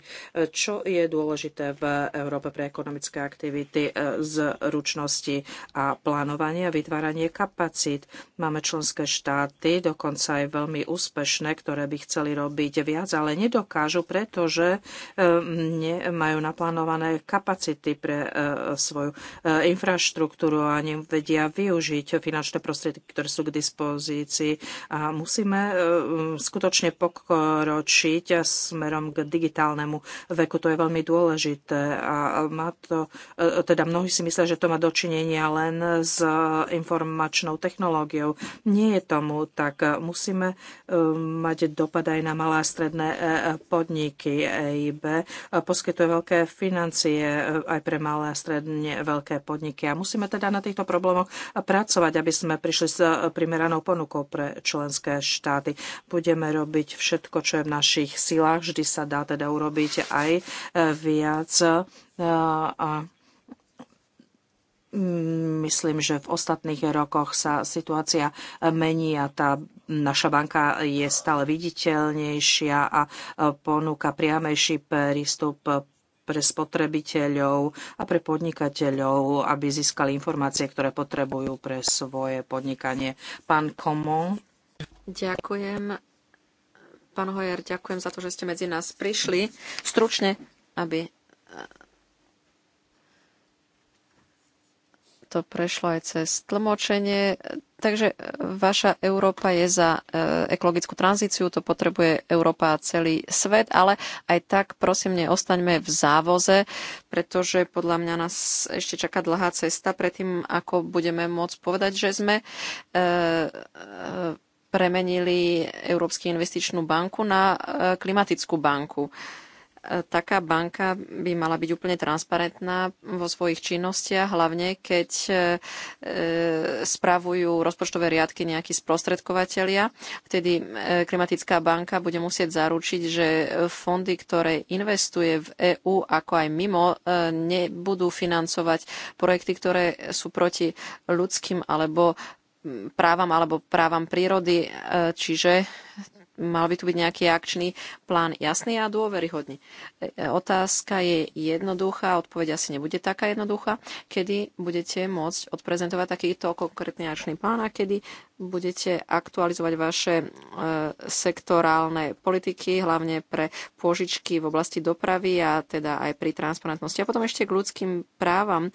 Čo je dôležité v Európe pre ekonomické aktivity e, z ručnosti a plánovania, vytváranie kapacít. Máme členské štáty, dokonca aj veľmi úspešné, ktoré by chceli robiť viac, ale nedokážu, pretože nemajú naplánované kapacity kapacity pre e, svoju e, infraštruktúru a nevedia využiť finančné prostriedky, ktoré sú k dispozícii. A musíme e, skutočne pokročiť smerom k digitálnemu veku. To je veľmi dôležité. A má to, teda mnohí si myslia, že to má dočinenia len s informačnou technológiou. Nie je tomu tak. Musíme mať dopad aj na malé a stredné podniky. EIB poskytuje veľké financie aj pre malé a stredne veľké podniky. A musíme teda na týchto problémoch pracovať, aby sme prišli s primeranou ponukou pre členské štáty. Budeme robiť všetko, čo je v našich silách. Vždy sa dá teda urobiť aj viac. A myslím, že v ostatných rokoch sa situácia mení a tá naša banka je stále viditeľnejšia a ponúka priamejší prístup pre spotrebiteľov a pre podnikateľov, aby získali informácie, ktoré potrebujú pre svoje podnikanie. Pán Komo. Ďakujem. Pán Hojer, ďakujem za to, že ste medzi nás prišli. Stručne, aby eh, to prešlo aj cez tlmočenie. Takže e, vaša Európa je za e, ekologickú tranzíciu, to potrebuje Európa a celý svet, ale aj tak prosím neostaňme v závoze, pretože podľa mňa nás ešte čaká dlhá cesta predtým, ako budeme môcť povedať, že sme e, premenili Európsky investičnú banku na klimatickú banku taká banka by mala byť úplne transparentná vo svojich činnostiach, hlavne keď e, spravujú rozpočtové riadky nejakí sprostredkovateľia. Vtedy e, klimatická banka bude musieť zaručiť, že fondy, ktoré investuje v EÚ ako aj mimo, e, nebudú financovať projekty, ktoré sú proti ľudským alebo právam alebo právam prírody, čiže mal by tu byť nejaký akčný plán jasný a dôveryhodný. E, otázka je jednoduchá, odpoveď asi nebude taká jednoduchá. Kedy budete môcť odprezentovať takýto konkrétny akčný plán a kedy budete aktualizovať vaše e, sektorálne politiky, hlavne pre pôžičky v oblasti dopravy a teda aj pri transparentnosti. A potom ešte k ľudským právam. E,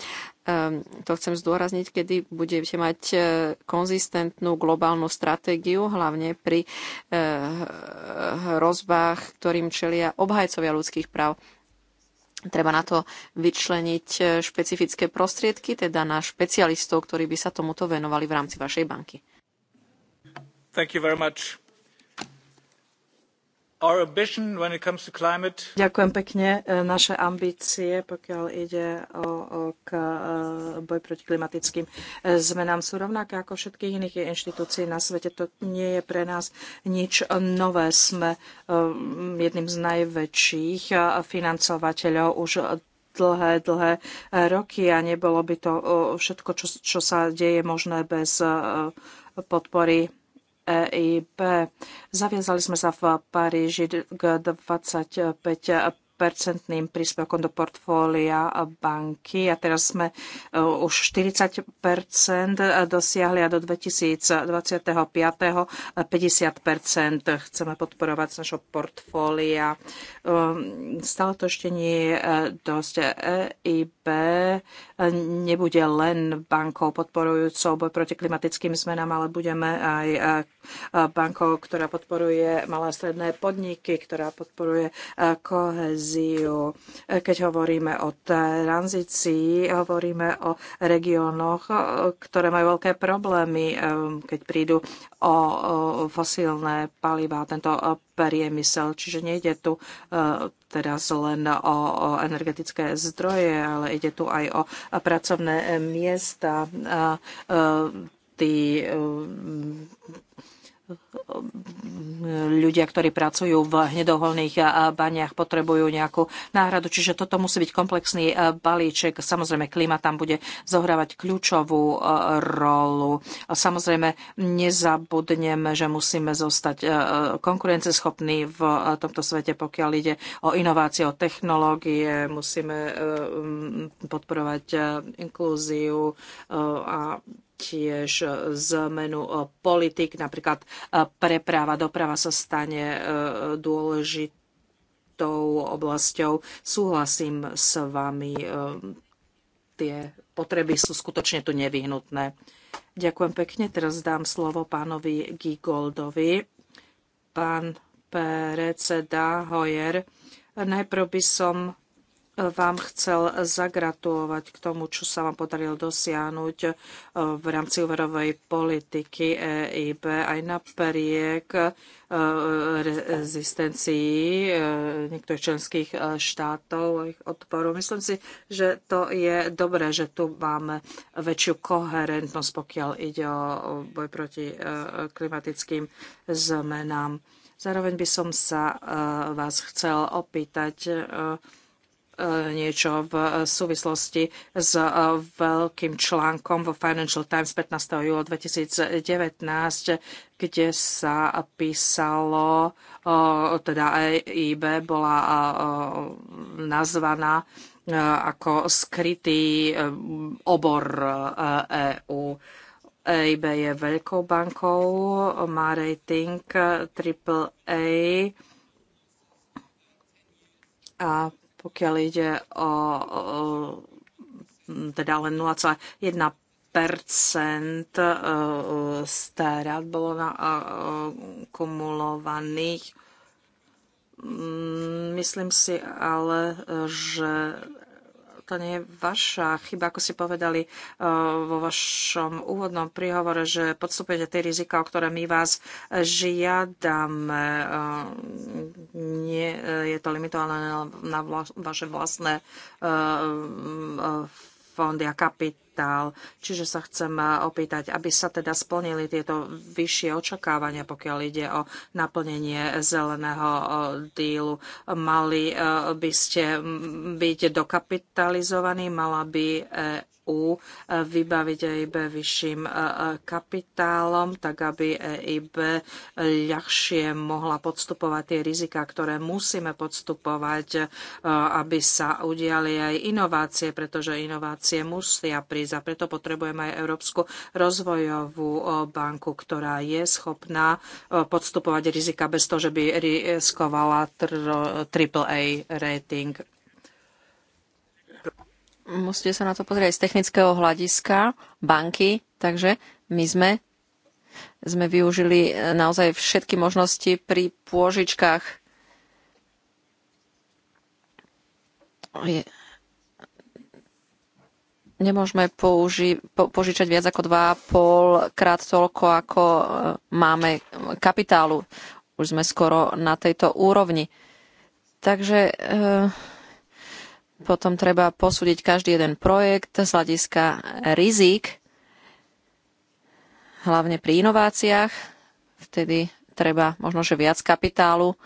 to chcem zdôrazniť, kedy budete mať e, konzistentnú globálnu stratégiu, hlavne pri e, hrozbách, ktorým čelia obhajcovia ľudských práv. Treba na to vyčleniť e, špecifické prostriedky, teda na špecialistov, ktorí by sa tomuto venovali v rámci vašej banky. Ďakujem pekne. E, naše ambície, pokiaľ ide o, k, e, boj proti klimatickým e, zmenám, sú rovnaké ako všetkých iných inštitúcií na svete. To nie je pre nás nič nové. Sme jedným z najväčších financovateľov už dlhé, dlhé roky a nebolo by to všetko, čo, čo sa deje možné bez podpory EIB. Zaviazali sme sa v Paríži k 25 percentným príspevkom do portfólia banky a teraz sme uh, už 40 dosiahli a do 2025 50 chceme podporovať z našho portfólia. Um, stále to ešte nie je uh, dosť. EIB uh, nebude len bankou podporujúcou boj proti klimatickým zmenám, ale budeme aj bankou, ktorá podporuje malé a stredné podniky, ktorá podporuje kohez kohéziu. E, keď hovoríme o tranzícii, hovoríme o regiónoch, e, ktoré majú veľké problémy, e, keď prídu o fosílne palivá, tento priemysel. Čiže nejde tu teraz len o, energetické zdroje, ale ide tu aj o pracovné miesta. tí ľudia, ktorí pracujú v hnedoholných baniach, potrebujú nejakú náhradu. Čiže toto musí byť komplexný balíček. Samozrejme, klíma tam bude zohrávať kľúčovú rolu. Samozrejme, nezabudneme, že musíme zostať konkurenceschopní v tomto svete, pokiaľ ide o inovácie, o technológie. Musíme e, podporovať e, inklúziu e, a tiež e, zmenu e, politik, napríklad e, preprava, doprava sa stane dôležitou oblasťou. Súhlasím s vami, tie potreby sú skutočne tu nevyhnutné. Ďakujem pekne. Teraz dám slovo pánovi Gigoldovi. Pán predseda Hojer, najprv by som vám chcel zagratulovať k tomu, čo sa vám podarilo dosiahnuť e, v rámci úverovej politiky EIB aj napriek e, rezistencii e, niektorých členských štátov a ich odporu. Myslím si, že to je dobré, že tu máme väčšiu koherentnosť, pokiaľ ide o boj proti klimatickým zmenám. Zároveň by som sa vás chcel opýtať, E, niečo v súvislosti s e, veľkým článkom vo Financial Times 15. júla 2019, kde sa písalo, e, teda EIB bola nazvaná ako skrytý obor EÚ. EIB je veľkou bankou, má rating AAA a pokiaľ ide o, o teda len 0,1 percent starát e, bolo na e, kumulovaných. Mm, myslím si ale, že to nie je vaša chyba, ako ste povedali uh, vo vašom úvodnom príhovore, že podstupujete tie rizika, o ktoré my vás žiadame. Uh, nie uh, je to limitované na vaše vlastné fondy a kapitály kapitál. Čiže sa chcem eh, opýtať, aby sa teda splnili tieto vyššie očakávania, pokiaľ ide o naplnenie zeleného eh, dílu. Mali eh, by ste mm, byť dokapitalizovaní, mala by EÚ eh, vybaviť EIB vyšším eh, eh, kapitálom, tak aby EIB ľahšie mohla podstupovať tie rizika, ktoré musíme podstupovať, aby sa udiali aj inovácie, pretože inovácie musia prísť a preto potrebujeme aj Európsku rozvojovú banku, ktorá je schopná podstupovať rizika bez toho, že by riskovala AAA rating musíte sa na to pozrieť z technického hľadiska banky, takže my sme sme využili e, naozaj všetky možnosti pri pôžičkách. Je... Nemôžeme použi- po- požičať viac ako 2,5 krát toľko, ako e, máme kapitálu. Už sme skoro na tejto úrovni. Takže e potom treba posúdiť každý jeden projekt z hľadiska rizik, hlavne pri inováciách. Vtedy treba možno, že viac kapitálu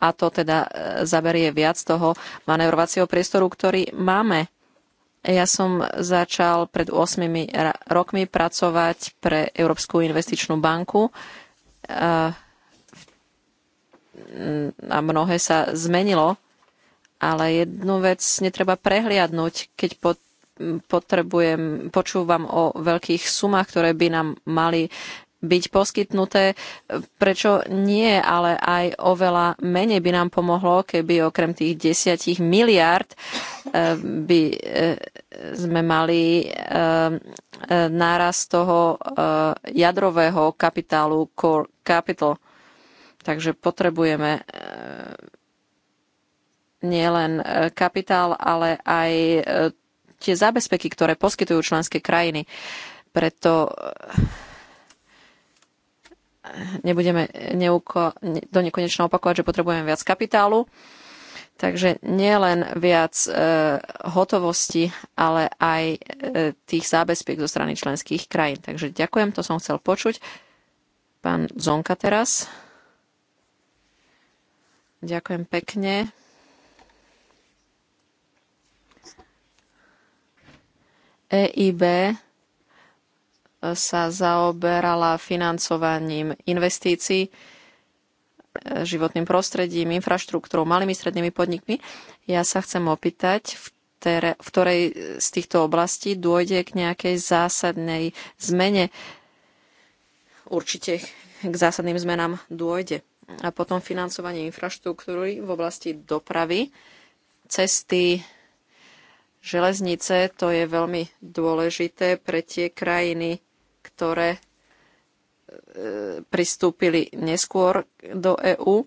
a to teda e, zaberie viac toho manevrovacieho priestoru, ktorý máme. Ja som začal pred 8 rokmi pracovať pre Európsku investičnú banku e, a mnohé sa zmenilo ale jednu vec netreba prehliadnúť, keď po, potrebujem, počúvam o veľkých sumách, ktoré by nám mali byť poskytnuté. Prečo nie, ale aj oveľa menej by nám pomohlo, keby okrem tých desiatich miliard eh, by eh, sme mali eh, náraz toho jadrového kapitálu Core Capital. Takže potrebujeme nielen e, kapitál, ale aj e, tie zábezpeky, ktoré poskytujú členské krajiny. Preto e, nebudeme neuko, do nekonečna opakovať, že potrebujeme viac kapitálu. Takže nielen viac e, hotovosti, ale aj e, tých zábezpiek zo strany členských krajín. Takže ďakujem, to som chcel počuť. Pán Zonka teraz. Ďakujem pekne. EIB e, sa zaoberala financovaním investícií, e, životným prostredím, infraštruktúrou, malými strednými podnikmi. Ja sa chcem opýtať, v, tere, v ktorej z týchto oblastí dôjde k nejakej zásadnej zmene. Určite k zásadným zmenám dôjde. A potom financovanie infraštruktúry v oblasti dopravy, cesty, železnice, to je veľmi dôležité pre tie krajiny, ktoré e, pristúpili neskôr do EÚ.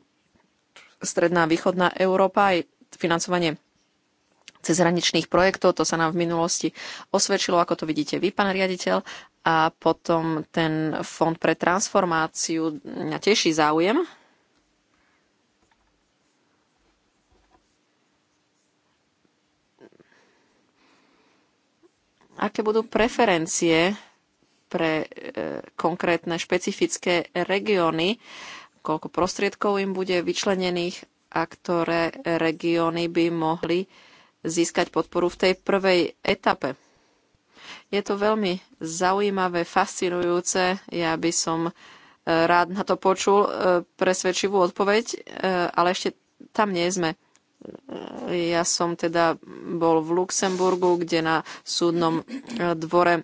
Stredná a východná Európa aj financovanie cezhraničných projektov, to sa nám v minulosti osvedčilo, ako to vidíte vy, pán riaditeľ, a potom ten fond pre transformáciu mňa teší záujem aké budú preferencie pre e, konkrétne špecifické regióny, koľko prostriedkov im bude vyčlenených a ktoré regióny by mohli získať podporu v tej prvej etape. Je to veľmi zaujímavé, fascinujúce. Ja by som e, rád na to počul e, presvedčivú odpoveď, ale ešte tam nie sme. Ja som teda bol v Luxemburgu, kde na súdnom eh, dvore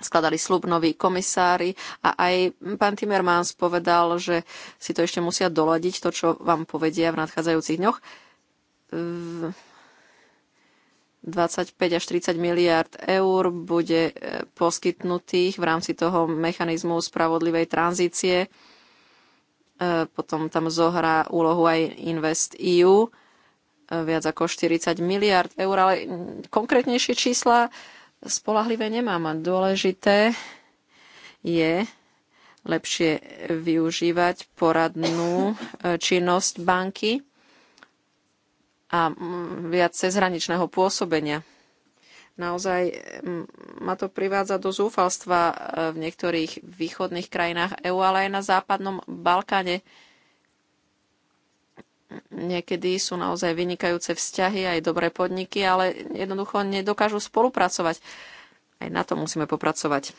skladali slub noví komisári a aj pán Timmermans povedal, že si to ešte musia doladiť, to, čo vám povedia v nadchádzajúcich dňoch. 25 až 30 miliard eur bude eh, poskytnutých v rámci toho mechanizmu spravodlivej tranzície. Eh, potom tam zohrá úlohu aj Invest EU viac ako 40 miliard eur, ale konkrétnejšie čísla spolahlivé nemám. A dôležité je lepšie využívať poradnú e, činnosť banky a viac cezhraničného pôsobenia. Naozaj ma to privádza do zúfalstva e, v niektorých východných krajinách EÚ, ale aj na západnom Balkáne niekedy sú naozaj vynikajúce vzťahy, aj dobré podniky, ale jednoducho nedokážu spolupracovať. Aj na to musíme popracovať.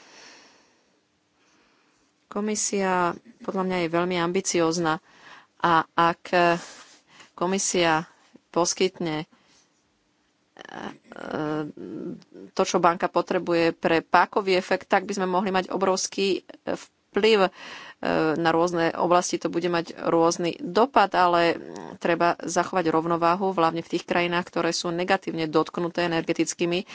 Komisia podľa mňa je veľmi ambiciózna a ak komisia poskytne e, e, to, čo banka potrebuje pre pákový efekt, tak by sme mohli mať obrovský e, vplyv na rôzne oblasti to bude mať rôzny dopad, ale treba zachovať rovnováhu, hlavne v tých krajinách, ktoré sú negatívne dotknuté energetickými e,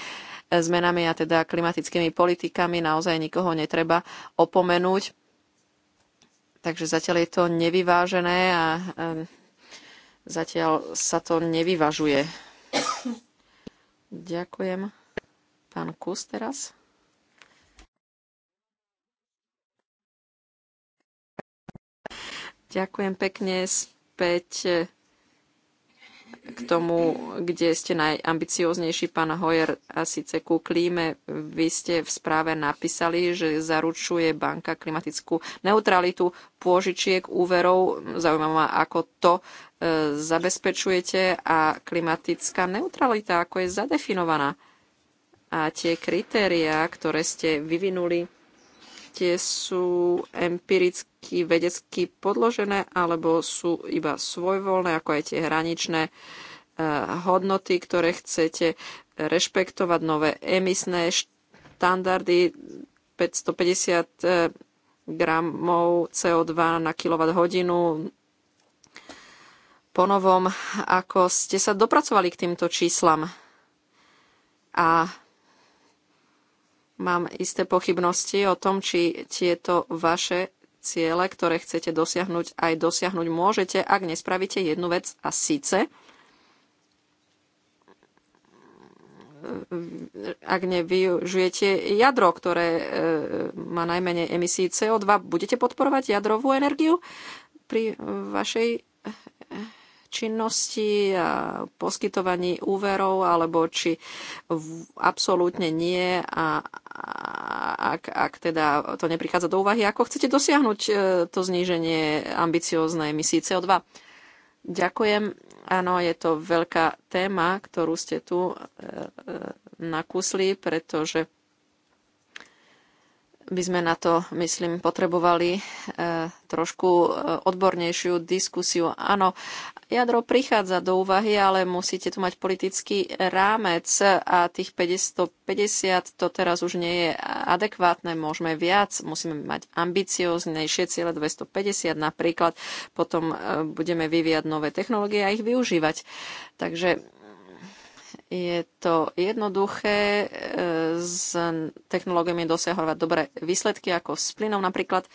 zmenami a teda klimatickými politikami. Naozaj nikoho netreba opomenúť. Takže zatiaľ je to nevyvážené a e, zatiaľ sa to nevyvažuje. Ďakujem. Pán Kus teraz. Ďakujem pekne späť eh, k tomu, kde ste najambicioznejší, pán Hoyer, a síce ku klíme. Vy ste v správe napísali, že zaručuje banka klimatickú neutralitu pôžičiek, úverov. zaujímavá, ako to e, zabezpečujete a klimatická neutralita, ako je zadefinovaná. A tie kritériá, ktoré ste vyvinuli, tie sú empiricky, vedecky podložené alebo sú iba svojvoľné, ako aj tie hraničné eh, hodnoty, ktoré chcete rešpektovať, nové emisné štandardy 550 eh, gramov CO2 na kWh ponovom, ako ste sa dopracovali k týmto číslam a Mám isté pochybnosti o tom, či tieto vaše ciele, ktoré chcete dosiahnuť, aj dosiahnuť môžete, ak nespravíte jednu vec a síce ak nevyužijete jadro, ktoré e, má najmenej emisí CO2, budete podporovať jadrovú energiu pri vašej činnosti poskytovaní úverov, alebo či v, absolútne nie a, a ak, ak teda to neprichádza do úvahy, ako chcete dosiahnuť e, to zníženie ambicióznej emisí CO2. Ďakujem. Áno, je to veľká téma, ktorú ste tu e, e, nakúsli, pretože by sme na to, myslím, potrebovali e, trošku e, odbornejšiu diskusiu. Áno, jadro prichádza do úvahy, ale musíte tu mať politický rámec a tých 550 to teraz už nie je adekvátne, môžeme viac, musíme mať ambicioznejšie ciele 250 napríklad, potom e, budeme vyvíjať nové technológie a ich využívať. Takže je to jednoduché, e, s technológiami dosahovať dobré výsledky, ako s plynom napríklad,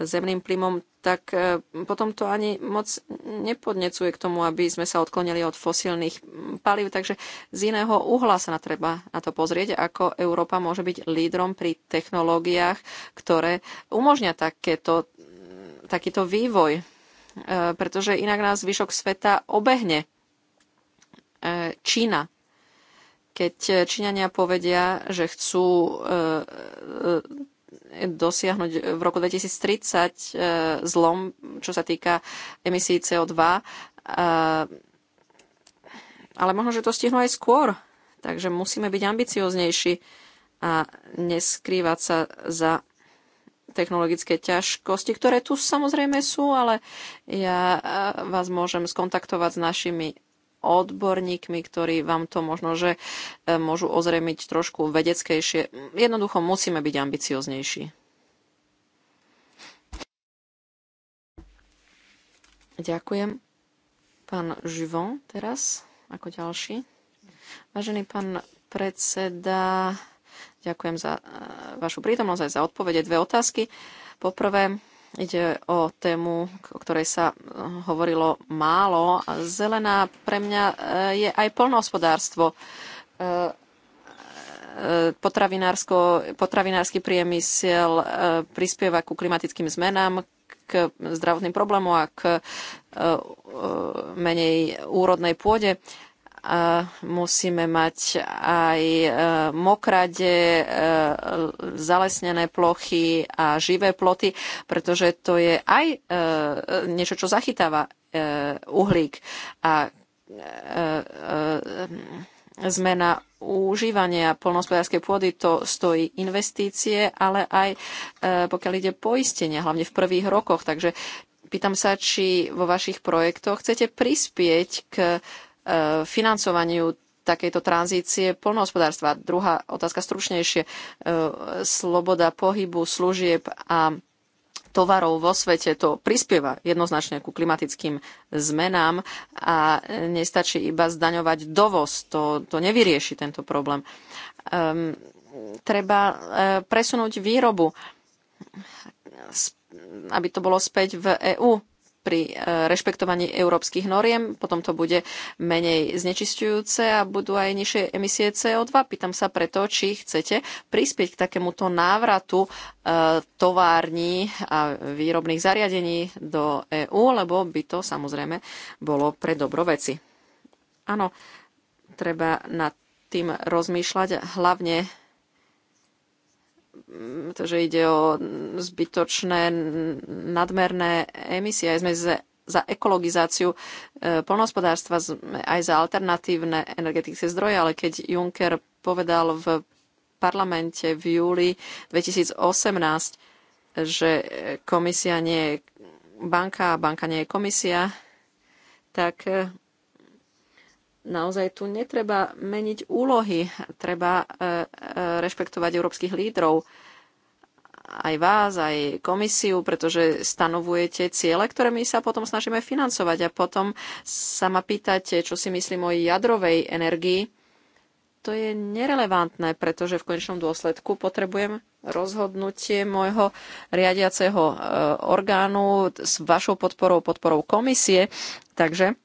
zemným plymom, tak e, potom to ani moc nepodnecuje k tomu, aby sme sa odklonili od fosílnych palív. Takže z iného uhla sa na treba na to pozrieť, ako Európa môže byť lídrom pri technológiách, ktoré umožňa takéto, takýto vývoj. E, pretože inak nás zvyšok sveta obehne. Čína keď e, Číňania povedia, že chcú e, e, dosiahnuť v roku 2030 zlom, čo sa týka emisí CO2, ale možno, že to stihnú aj skôr. Takže musíme byť ambicioznejší a neskrývať sa za technologické ťažkosti, ktoré tu samozrejme sú, ale ja vás môžem skontaktovať s našimi odborníkmi, ktorí vám to možno, že e, môžu ozremiť trošku vedeckejšie. Jednoducho musíme byť ambicioznejší. Ďakujem. Pán Živon teraz ako ďalší. Vážený pán predseda, ďakujem za e, vašu prítomnosť aj za odpovede. Dve otázky. Poprvé, Ide o tému, o ktorej sa eh, hovorilo málo. Zelená pre mňa eh, je aj polnohospodárstvo eh, potravinársky priemysel prispieva ku klimatickým zmenám, k zdravotným problémom a k menej úrodnej pôde musíme mať aj e, mokrade, e, zalesnené plochy a živé ploty, pretože to je aj e, niečo, čo zachytáva uhlík. A zmena užívania polnohospodárskej pôdy, to stojí investície, ale aj pokiaľ ide poistenia, hlavne v prvých rokoch. Takže pýtam sa, či vo vašich projektoch chcete prispieť k Eh, financovaniu takejto tranzície polnohospodárstva. Druhá otázka stručnejšie. Eh, sloboda pohybu služieb a tovarov vo svete to prispieva jednoznačne ku klimatickým zmenám a nestačí iba zdaňovať dovoz. To, to nevyrieši tento problém. Um, treba eh, presunúť výrobu, aby to bolo späť v EÚ pri e, rešpektovaní európskych noriem, potom to bude menej znečistujúce a budú aj nižšie emisie CO2. Pýtam sa preto, či chcete prispieť k takémuto návratu e, tovární a výrobných zariadení do EÚ, lebo by to samozrejme bolo pre dobro veci. Áno, treba nad tým rozmýšľať hlavne to, že ide o zbytočné nadmerné emisie. Aj sme za ekologizáciu e, polnohospodárstva, sme aj za alternatívne energetické zdroje, ale keď Juncker povedal v parlamente v júli 2018, že komisia nie je banka a banka nie je komisia, tak e, naozaj tu netreba meniť úlohy, treba e, e, rešpektovať európskych lídrov, aj vás, aj komisiu, pretože stanovujete ciele, ktoré my sa potom snažíme financovať. A potom sa ma pýtate, čo si myslím o jadrovej energii. To je nerelevantné, pretože v konečnom dôsledku potrebujem rozhodnutie môjho riadiaceho e, orgánu s vašou podporou, podporou komisie. Takže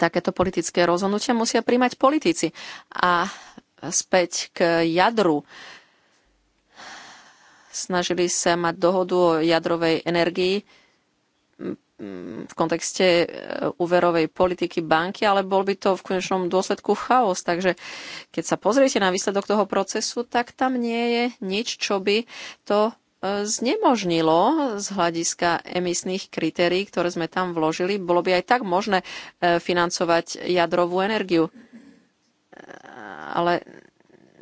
takéto politické rozhodnutia musia príjmať politici. A späť k jadru. Snažili sa mať dohodu o jadrovej energii mm, v kontexte e, úverovej politiky banky, ale bol by to v konečnom dôsledku chaos. Takže keď sa pozriete na výsledok toho procesu, tak tam nie je nič, čo by to znemožnilo z hľadiska emisných kritérií, ktoré sme tam vložili. Bolo by aj tak možné e, financovať jadrovú energiu. E, ale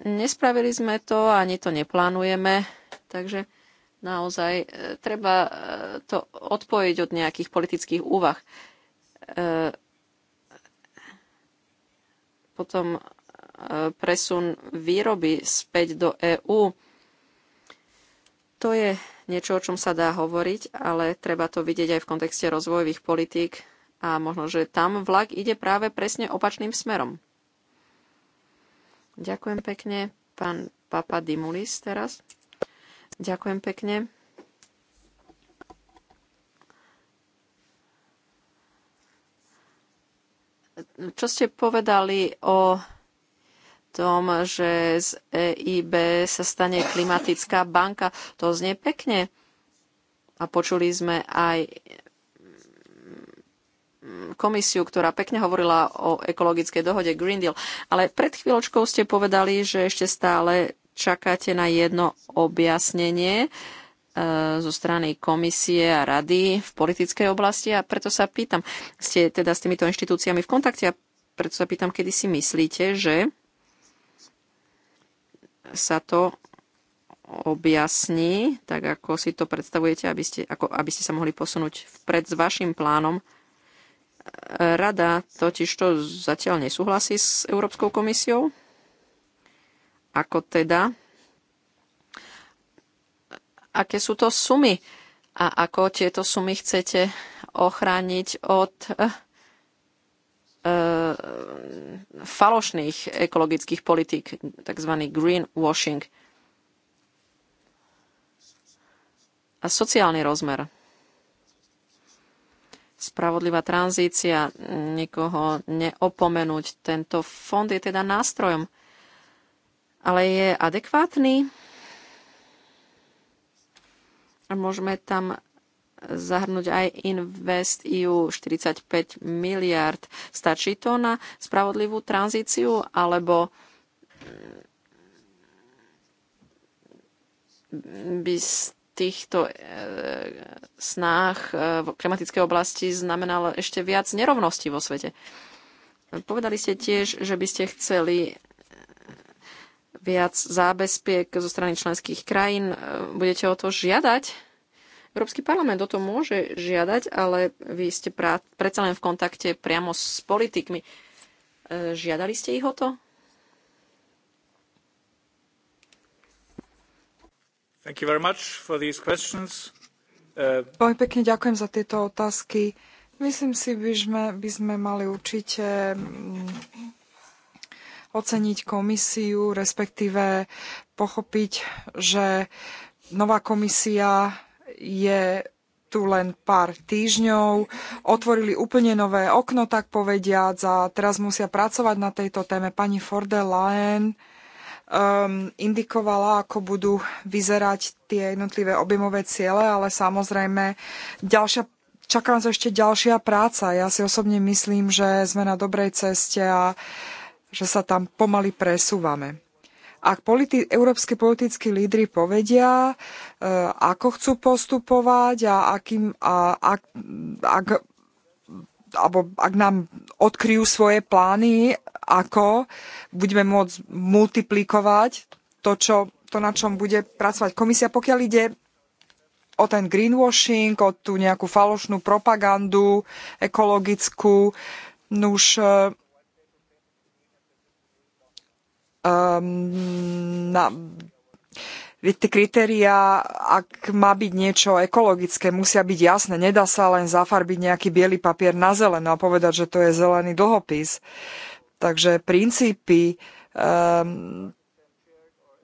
nespravili sme to, ani to neplánujeme, takže naozaj e, treba to odpojiť od nejakých politických úvah. Potom presun výroby späť do EÚ to je niečo, o čom sa dá hovoriť, ale treba to vidieť aj v kontexte rozvojových politík a možno, že tam vlak ide práve presne opačným smerom. Ďakujem pekne, pán Papa Dimulis teraz. Ďakujem pekne. Čo ste povedali o tom, že z EIB sa stane klimatická banka. To znie pekne. A počuli sme aj komisiu, ktorá pekne hovorila o ekologickej dohode Green Deal. Ale pred chvíľočkou ste povedali, že ešte stále čakáte na jedno objasnenie e, zo strany komisie a rady v politickej oblasti a preto sa pýtam, ste teda s týmito inštitúciami v kontakte a preto sa pýtam, kedy si myslíte, že sa to objasní, tak ako si to predstavujete, aby ste, ako, aby ste sa mohli posunúť vpred s vašim plánom. Rada totiž to zatiaľ nesúhlasí s Európskou komisiou. Ako teda? Aké sú to sumy? A ako tieto sumy chcete ochrániť od eh, E, falošných ekologických politík, tzv. greenwashing. A sociálny rozmer. Spravodlivá tranzícia, nikoho neopomenúť. Tento fond je teda nástrojom, ale je adekvátny. Môžeme tam zahrnúť aj Invest EU 45 miliard. Stačí to na spravodlivú tranzíciu alebo by z týchto e, snách e, v klimatickej oblasti znamenalo ešte viac nerovností vo svete. Povedali ste tiež, že by ste chceli e, viac zábezpiek zo strany členských krajín. E, budete o to žiadať? Európsky parlament o to môže žiadať, ale vy ste pra, predsa len v kontakte priamo s politikmi. E, žiadali ste ich o to? Thank you very much for these questions. Uh... Veľmi pekne ďakujem za tieto otázky. Myslím si, by sme, by sme mali určite mm, oceniť komisiu, respektíve pochopiť, že nová komisia je tu len pár týždňov, otvorili úplne nové okno, tak povediac a teraz musia pracovať na tejto téme. Pani Forde Laen um, indikovala, ako budú vyzerať tie jednotlivé objemové ciele, ale samozrejme ďalšia čaká nás ešte ďalšia práca. Ja si osobne myslím, že sme na dobrej ceste a že sa tam pomaly presúvame ak politi- európske politickí lídry povedia, e, ako chcú postupovať a, akým, a ak, ak, alebo ak nám odkryjú svoje plány, ako budeme môcť multiplikovať to, čo, to na čom bude pracovať komisia, pokiaľ ide o ten greenwashing, o tú nejakú falošnú propagandu ekologickú. Nuž, no um, na, tie kritériá, ak má byť niečo ekologické, musia byť jasné. Nedá sa len zafarbiť nejaký biely papier na zeleno a povedať, že to je zelený dlhopis. Takže princípy, um,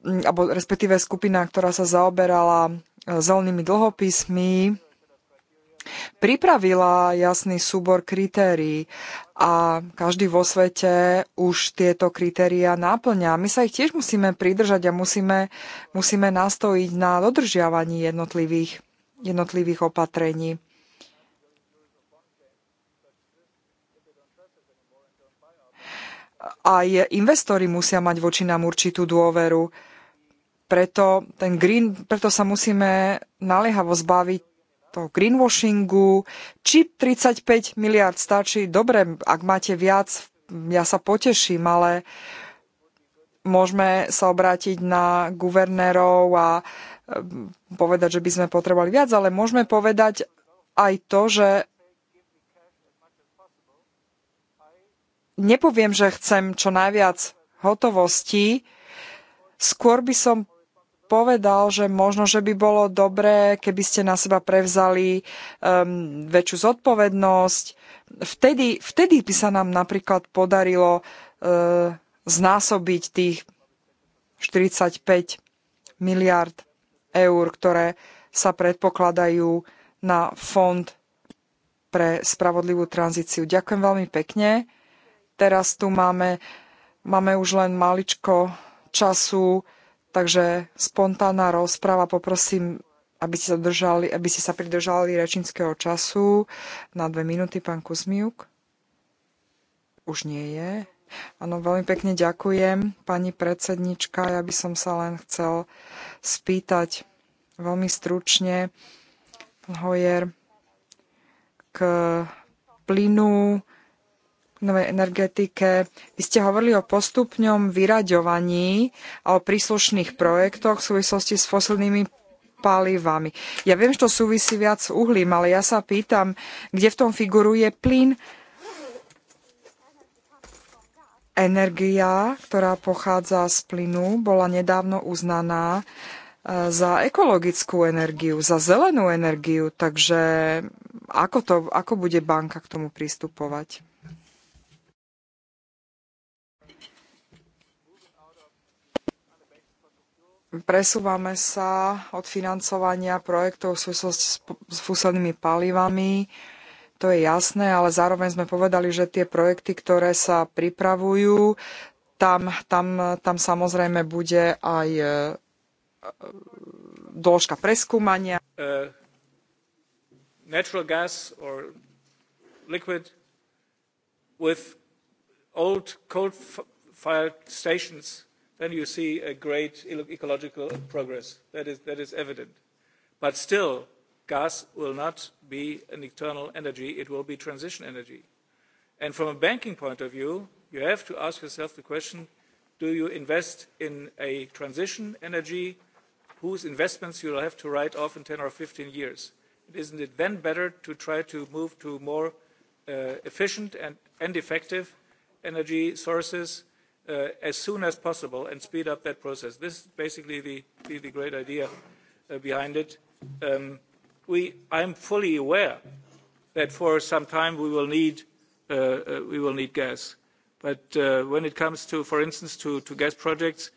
alebo respektíve skupina, ktorá sa zaoberala eh, zelenými dlhopismi, pripravila jasný súbor kritérií a každý vo svete už tieto kritériá náplňa. My sa ich tiež musíme pridržať a musíme, musíme nastojiť na dodržiavaní jednotlivých, jednotlivých opatrení. Aj investori musia mať voči nám určitú dôveru. Preto, ten green, preto sa musíme naliehavo zbaviť toho greenwashingu. Či 35 miliard stačí? Dobre, ak máte viac, ja sa poteším, ale môžeme sa obrátiť na guvernérov a mm, povedať, že by sme potrebovali viac, ale môžeme povedať aj to, že nepoviem, že chcem čo najviac hotovosti, skôr by som povedal, že možno, že by bolo dobré, keby ste na seba prevzali um, väčšiu zodpovednosť. Vtedy, vtedy by sa nám napríklad podarilo uh, znásobiť tých 45 miliard eur, ktoré sa predpokladajú na fond pre spravodlivú tranzíciu. Ďakujem veľmi pekne. Teraz tu máme, máme už len maličko času. Takže spontánna rozpráva, poprosím, aby ste, držali, aby ste sa pridržali rečníckého času. Na dve minúty, pán Kuzmiuk. Už nie je. Áno, veľmi pekne ďakujem, pani predsednička. Ja by som sa len chcel spýtať veľmi stručne, pán Hojer, k plynu, novej energetike. Vy ste hovorili o postupňom vyraďovaní a o príslušných projektoch v súvislosti s fosilnými palivami. Ja viem, že to súvisí viac s uhlím, ale ja sa pýtam, kde v tom figuruje plyn, energia, ktorá pochádza z plynu, bola nedávno uznaná e, za ekologickú energiu, za zelenú energiu. Takže ako, to, ako bude banka k tomu pristupovať? Presúvame sa od financovania projektov v súvislosti s fosilnými palivami, to je jasné, ale zároveň sme povedali, že tie projekty, ktoré sa pripravujú, tam, tam, tam samozrejme bude aj e, e, dĺžka preskúmania. Uh, natural gas or liquid with old coal fired stations then you see a great ecological progress. That is, that is evident. But still, gas will not be an eternal energy. It will be transition energy. And from a banking point of view, you have to ask yourself the question, do you invest in a transition energy whose investments you will have to write off in ten or fifteen years? Isn't it then better to try to move to more uh, efficient and, and effective energy sources uh, as soon as possible and speed up that process. This is basically the, the, the great idea uh, behind it. Um, we, I'm fully aware that for some time we will need, uh, uh, we will need gas. But uh, when it comes to, for instance, to, to gas projects,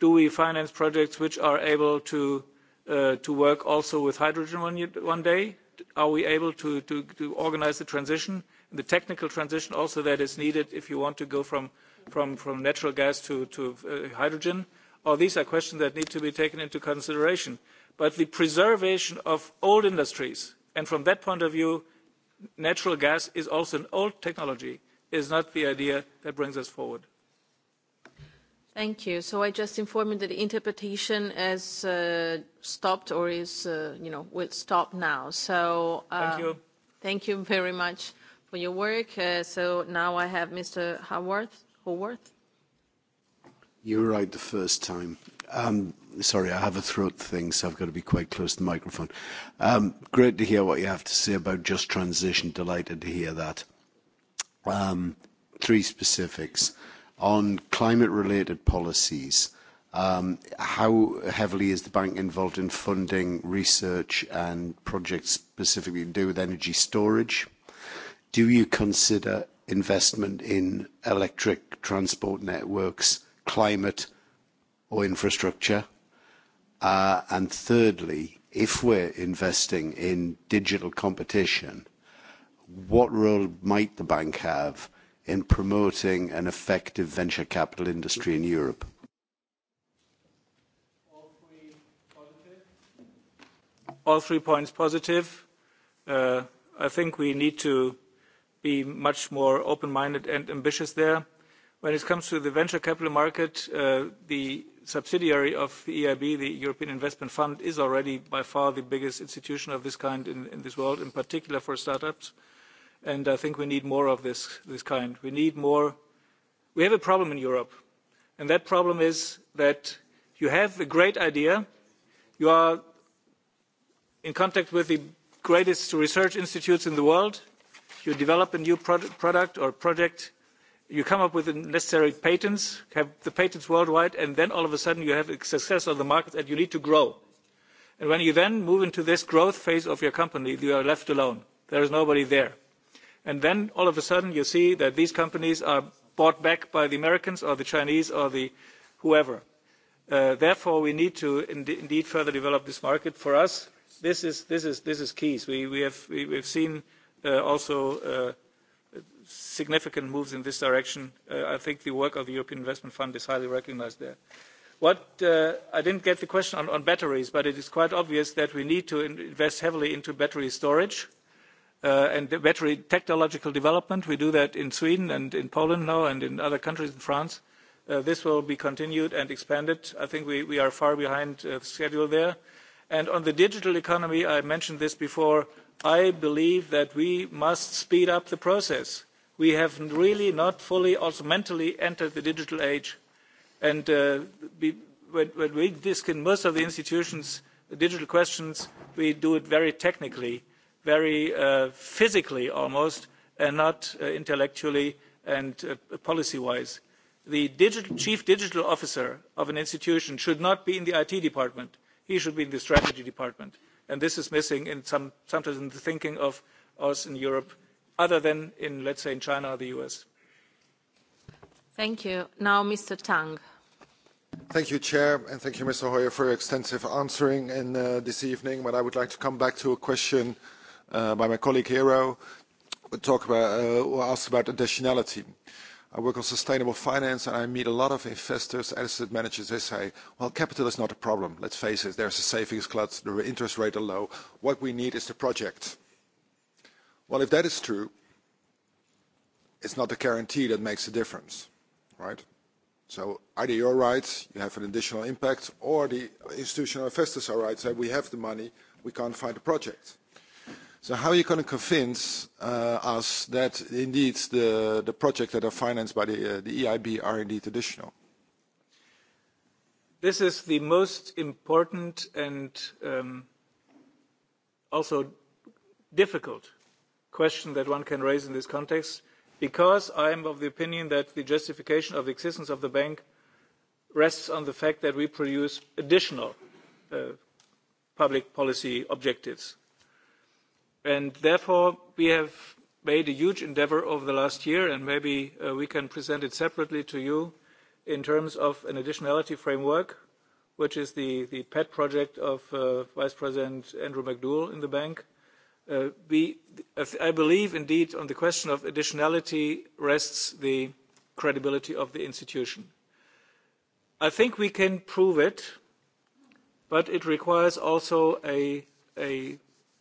do we finance projects which are able to, uh, to work also with hydrogen one, one day? Are we able to, to, to organize the transition, the technical transition also that is needed if you want to go from from, from natural gas to, to uh, hydrogen. All these are questions that need to be taken into consideration. But the preservation of old industries, and from that point of view, natural gas is also an old technology, is not the idea that brings us forward. Thank you. So I just inform you that the interpretation has uh, stopped or is, uh, you know, will stop now. So uh, thank you. Thank you very much for your work. Uh, so now I have Mr. Haworth Haworth. You were right the first time. Um, sorry, I have a throat thing, so I've got to be quite close to the microphone. Um, great to hear what you have to say about just transition. Delighted to hear that. Um, three specifics on climate-related policies. Um, how heavily is the bank involved in funding research and projects specifically to do with energy storage? Do you consider investment in electric transport networks, climate or infrastructure. Uh, and thirdly, if we're investing in digital competition, what role might the bank have in promoting an effective venture capital industry in Europe? All three positive. All three points positive. Uh, I think we need to be much more open-minded and ambitious there. When it comes to the venture capital market, uh, the subsidiary of the EIB, the European Investment Fund, is already by far the biggest institution of this kind in, this world, in particular for startups. And I think we need more of this, this kind. We need more. We have a problem in Europe. And that problem is that you have a great idea, you are in contact with the greatest research institutes in the world, you develop a new product or project you come up with the necessary patents have the patents worldwide and then all of a sudden you have a success on the market and you need to grow and when you then move into this growth phase of your company you are left alone there is nobody there and then all of a sudden you see that these companies are bought back by the americans or the chinese or the whoever uh, therefore we need to ind indeed further develop this market for us this is this is this is key we we have we, we've seen Uh, also uh, significant moves in this direction. Uh, I think the work of the European Investment Fund is highly recognized there. What, uh, I didn't get the question on, on batteries, but it is quite obvious that we need to invest heavily into battery storage uh, and the battery technological development. We do that in Sweden and in Poland now and in other countries in France. Uh, this will be continued and expanded. I think we, we are far behind schedule there. And on the digital economy, I mentioned this before, i believe that we must speed up the process. We have really not fully also mentally entered the digital age. And uh, when, when we discuss most of the institutions, the digital questions, we do it very technically, very uh, physically almost, and not uh, intellectually and uh, policy-wise. The digital, chief digital officer of an institution should not be in the IT department. He should be in the strategy department and this is missing sometimes in the thinking of us in Europe, other than in, let's say, China or the US. Thank you. Mr. Tang. Chair, and thank you, Mr. Hoyer, for your extensive answering uh, this evening. But I would like to come back to a question uh, by my colleague Hero, who, uh, asked about additionality. I work on sustainable finance and I meet a lot of investors, asset managers. They say, well, capital is not a problem. Let's face it, there's a savings clutch, the interest rate are low. What we need is the project. Well, if that is true, it's not the guarantee that makes a difference, right? So either you're right, you have an additional impact, or the institutional investors are right, say we have the money, we can't find a project. So how are you going to convince uh, us that indeed the, the projects that are financed by the, uh, EIB e are indeed additional? This is the most important and um, also difficult question that one can raise in this context because I am of the opinion that the justification of the existence of the bank rests on the fact that we produce additional uh, public policy objectives And therefore, we have made a huge endeavor over the last year, and maybe uh, we can present it separately to you in terms of an additionality framework, which is the, the pet project of uh, Vice President Andrew McDougall in the bank. Uh, we, I believe, indeed, on the question of additionality rests the credibility of the institution. I think we can prove it, but it requires also a, a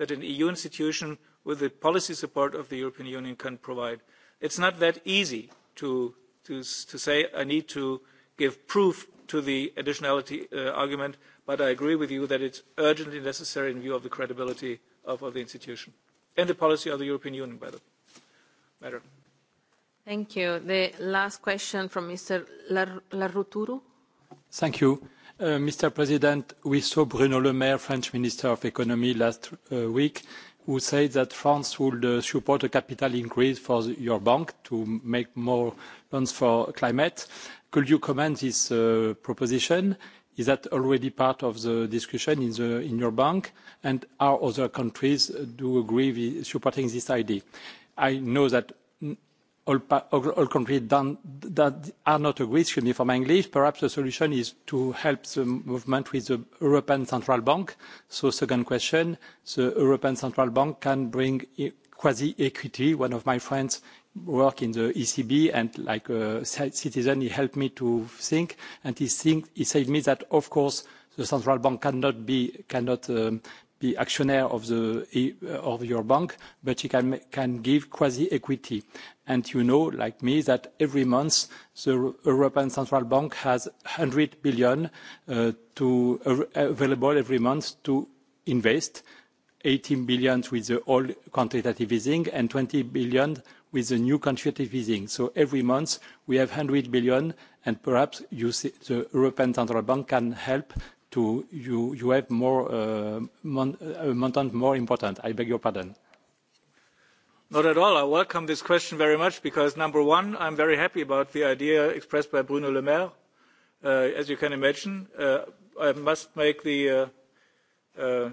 that an EU institution with the policy support of the European Union can provide. It's not that easy to, to, say I need to give proof to the additionality uh, argument, but I agree with you that it's urgently necessary in view of the credibility of, the institution and the policy of the European Union, by the matter. Thank you. The last question from Mr. Lar Thank you. Uh, Mr. President, we saw Bruno Le Maire, French Minister of Economy, last uh, week, who said that France would uh, support a capital increase for your bank to make more loans for climate. Could you comment this proposition? Is that already part of the discussion in, in your bank? And are other countries do agree with supporting this idea? I know that all, all countries that are not agreed excuse me for my English, perhaps the solution is to help the movement with the European Central Bank. So second question, the European Central Bank can bring e, quasi-equity. One of my friends work in the ECB and like a citizen, he helped me to think and he, think, he said me that of course the central bank cannot be, cannot um, be actionnaire of, the, of your bank, but you can, can give quasi-equity. And you know, like me, that every month the European Central Bank has 100 billion uh, to, uh, available every month to invest, 18 billion with the old quantitative easing and 20 billion with the new quantitative easing. So every month we have 100 billion, and perhaps you see the European Central Bank can help to you, you have more uh, mon, uh, montant more important. I beg your pardon. Not at all. I welcome this question very much because number one, I'm very happy about the idea expressed by Bruno Le Maire. Uh, as you can imagine, uh, I must make the uh, uh,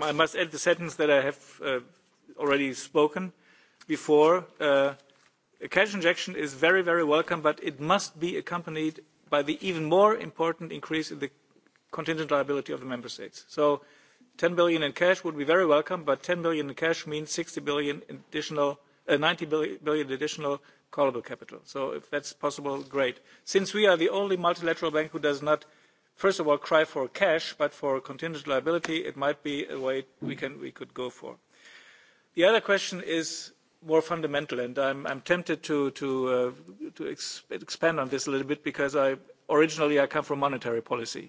I must end the sentence that I have uh, already spoken before. Uh, cash injection is very, very welcome, but it must be accompanied by the even more important increase in the contingent liability of the member states. so eur ten billion in cash would be very welcome but eur ten billion in cash means sixty billion additional uh, ninety billion additional callable capital. so if that's possible great. since we are the only multilateral bank who does not first of all cry for cash but for contingent liability it might be a way we, can, we could go for. the other question is more fundamental and i'm, I'm tempted to, to, uh, to expand on this a little bit because I, originally i come from monetary policy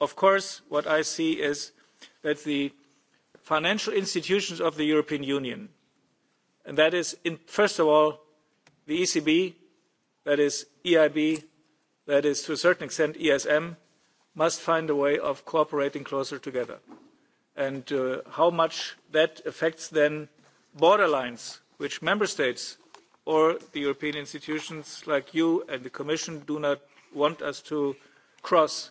of course what i see is that the financial institutions of the european union and that is in, first of all the ecb that is the eib that is to a certain extent the esm must find a way of cooperating closer together and uh, how much that affects then border lines which member states or the european institutions like you and the commission do not want us to cross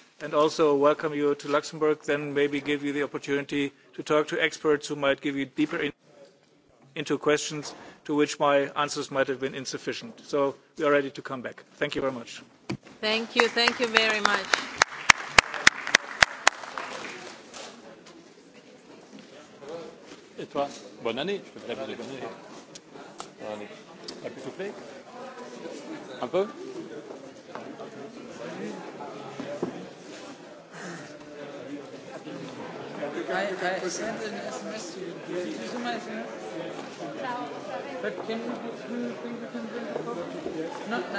and also welcome you to Luxembourg, then maybe give you the opportunity to talk to experts who might give you deeper in into questions to which my answers might have been insufficient. So we are ready to come back. Thank you very much. Thank you. Thank you very much. Et toi, bonne année. Je te bonne année. Bonne année. Un peu I, I sent an SMS to you. Did you see my SMS? But can we, do, do you think we can drink a coffee? Not,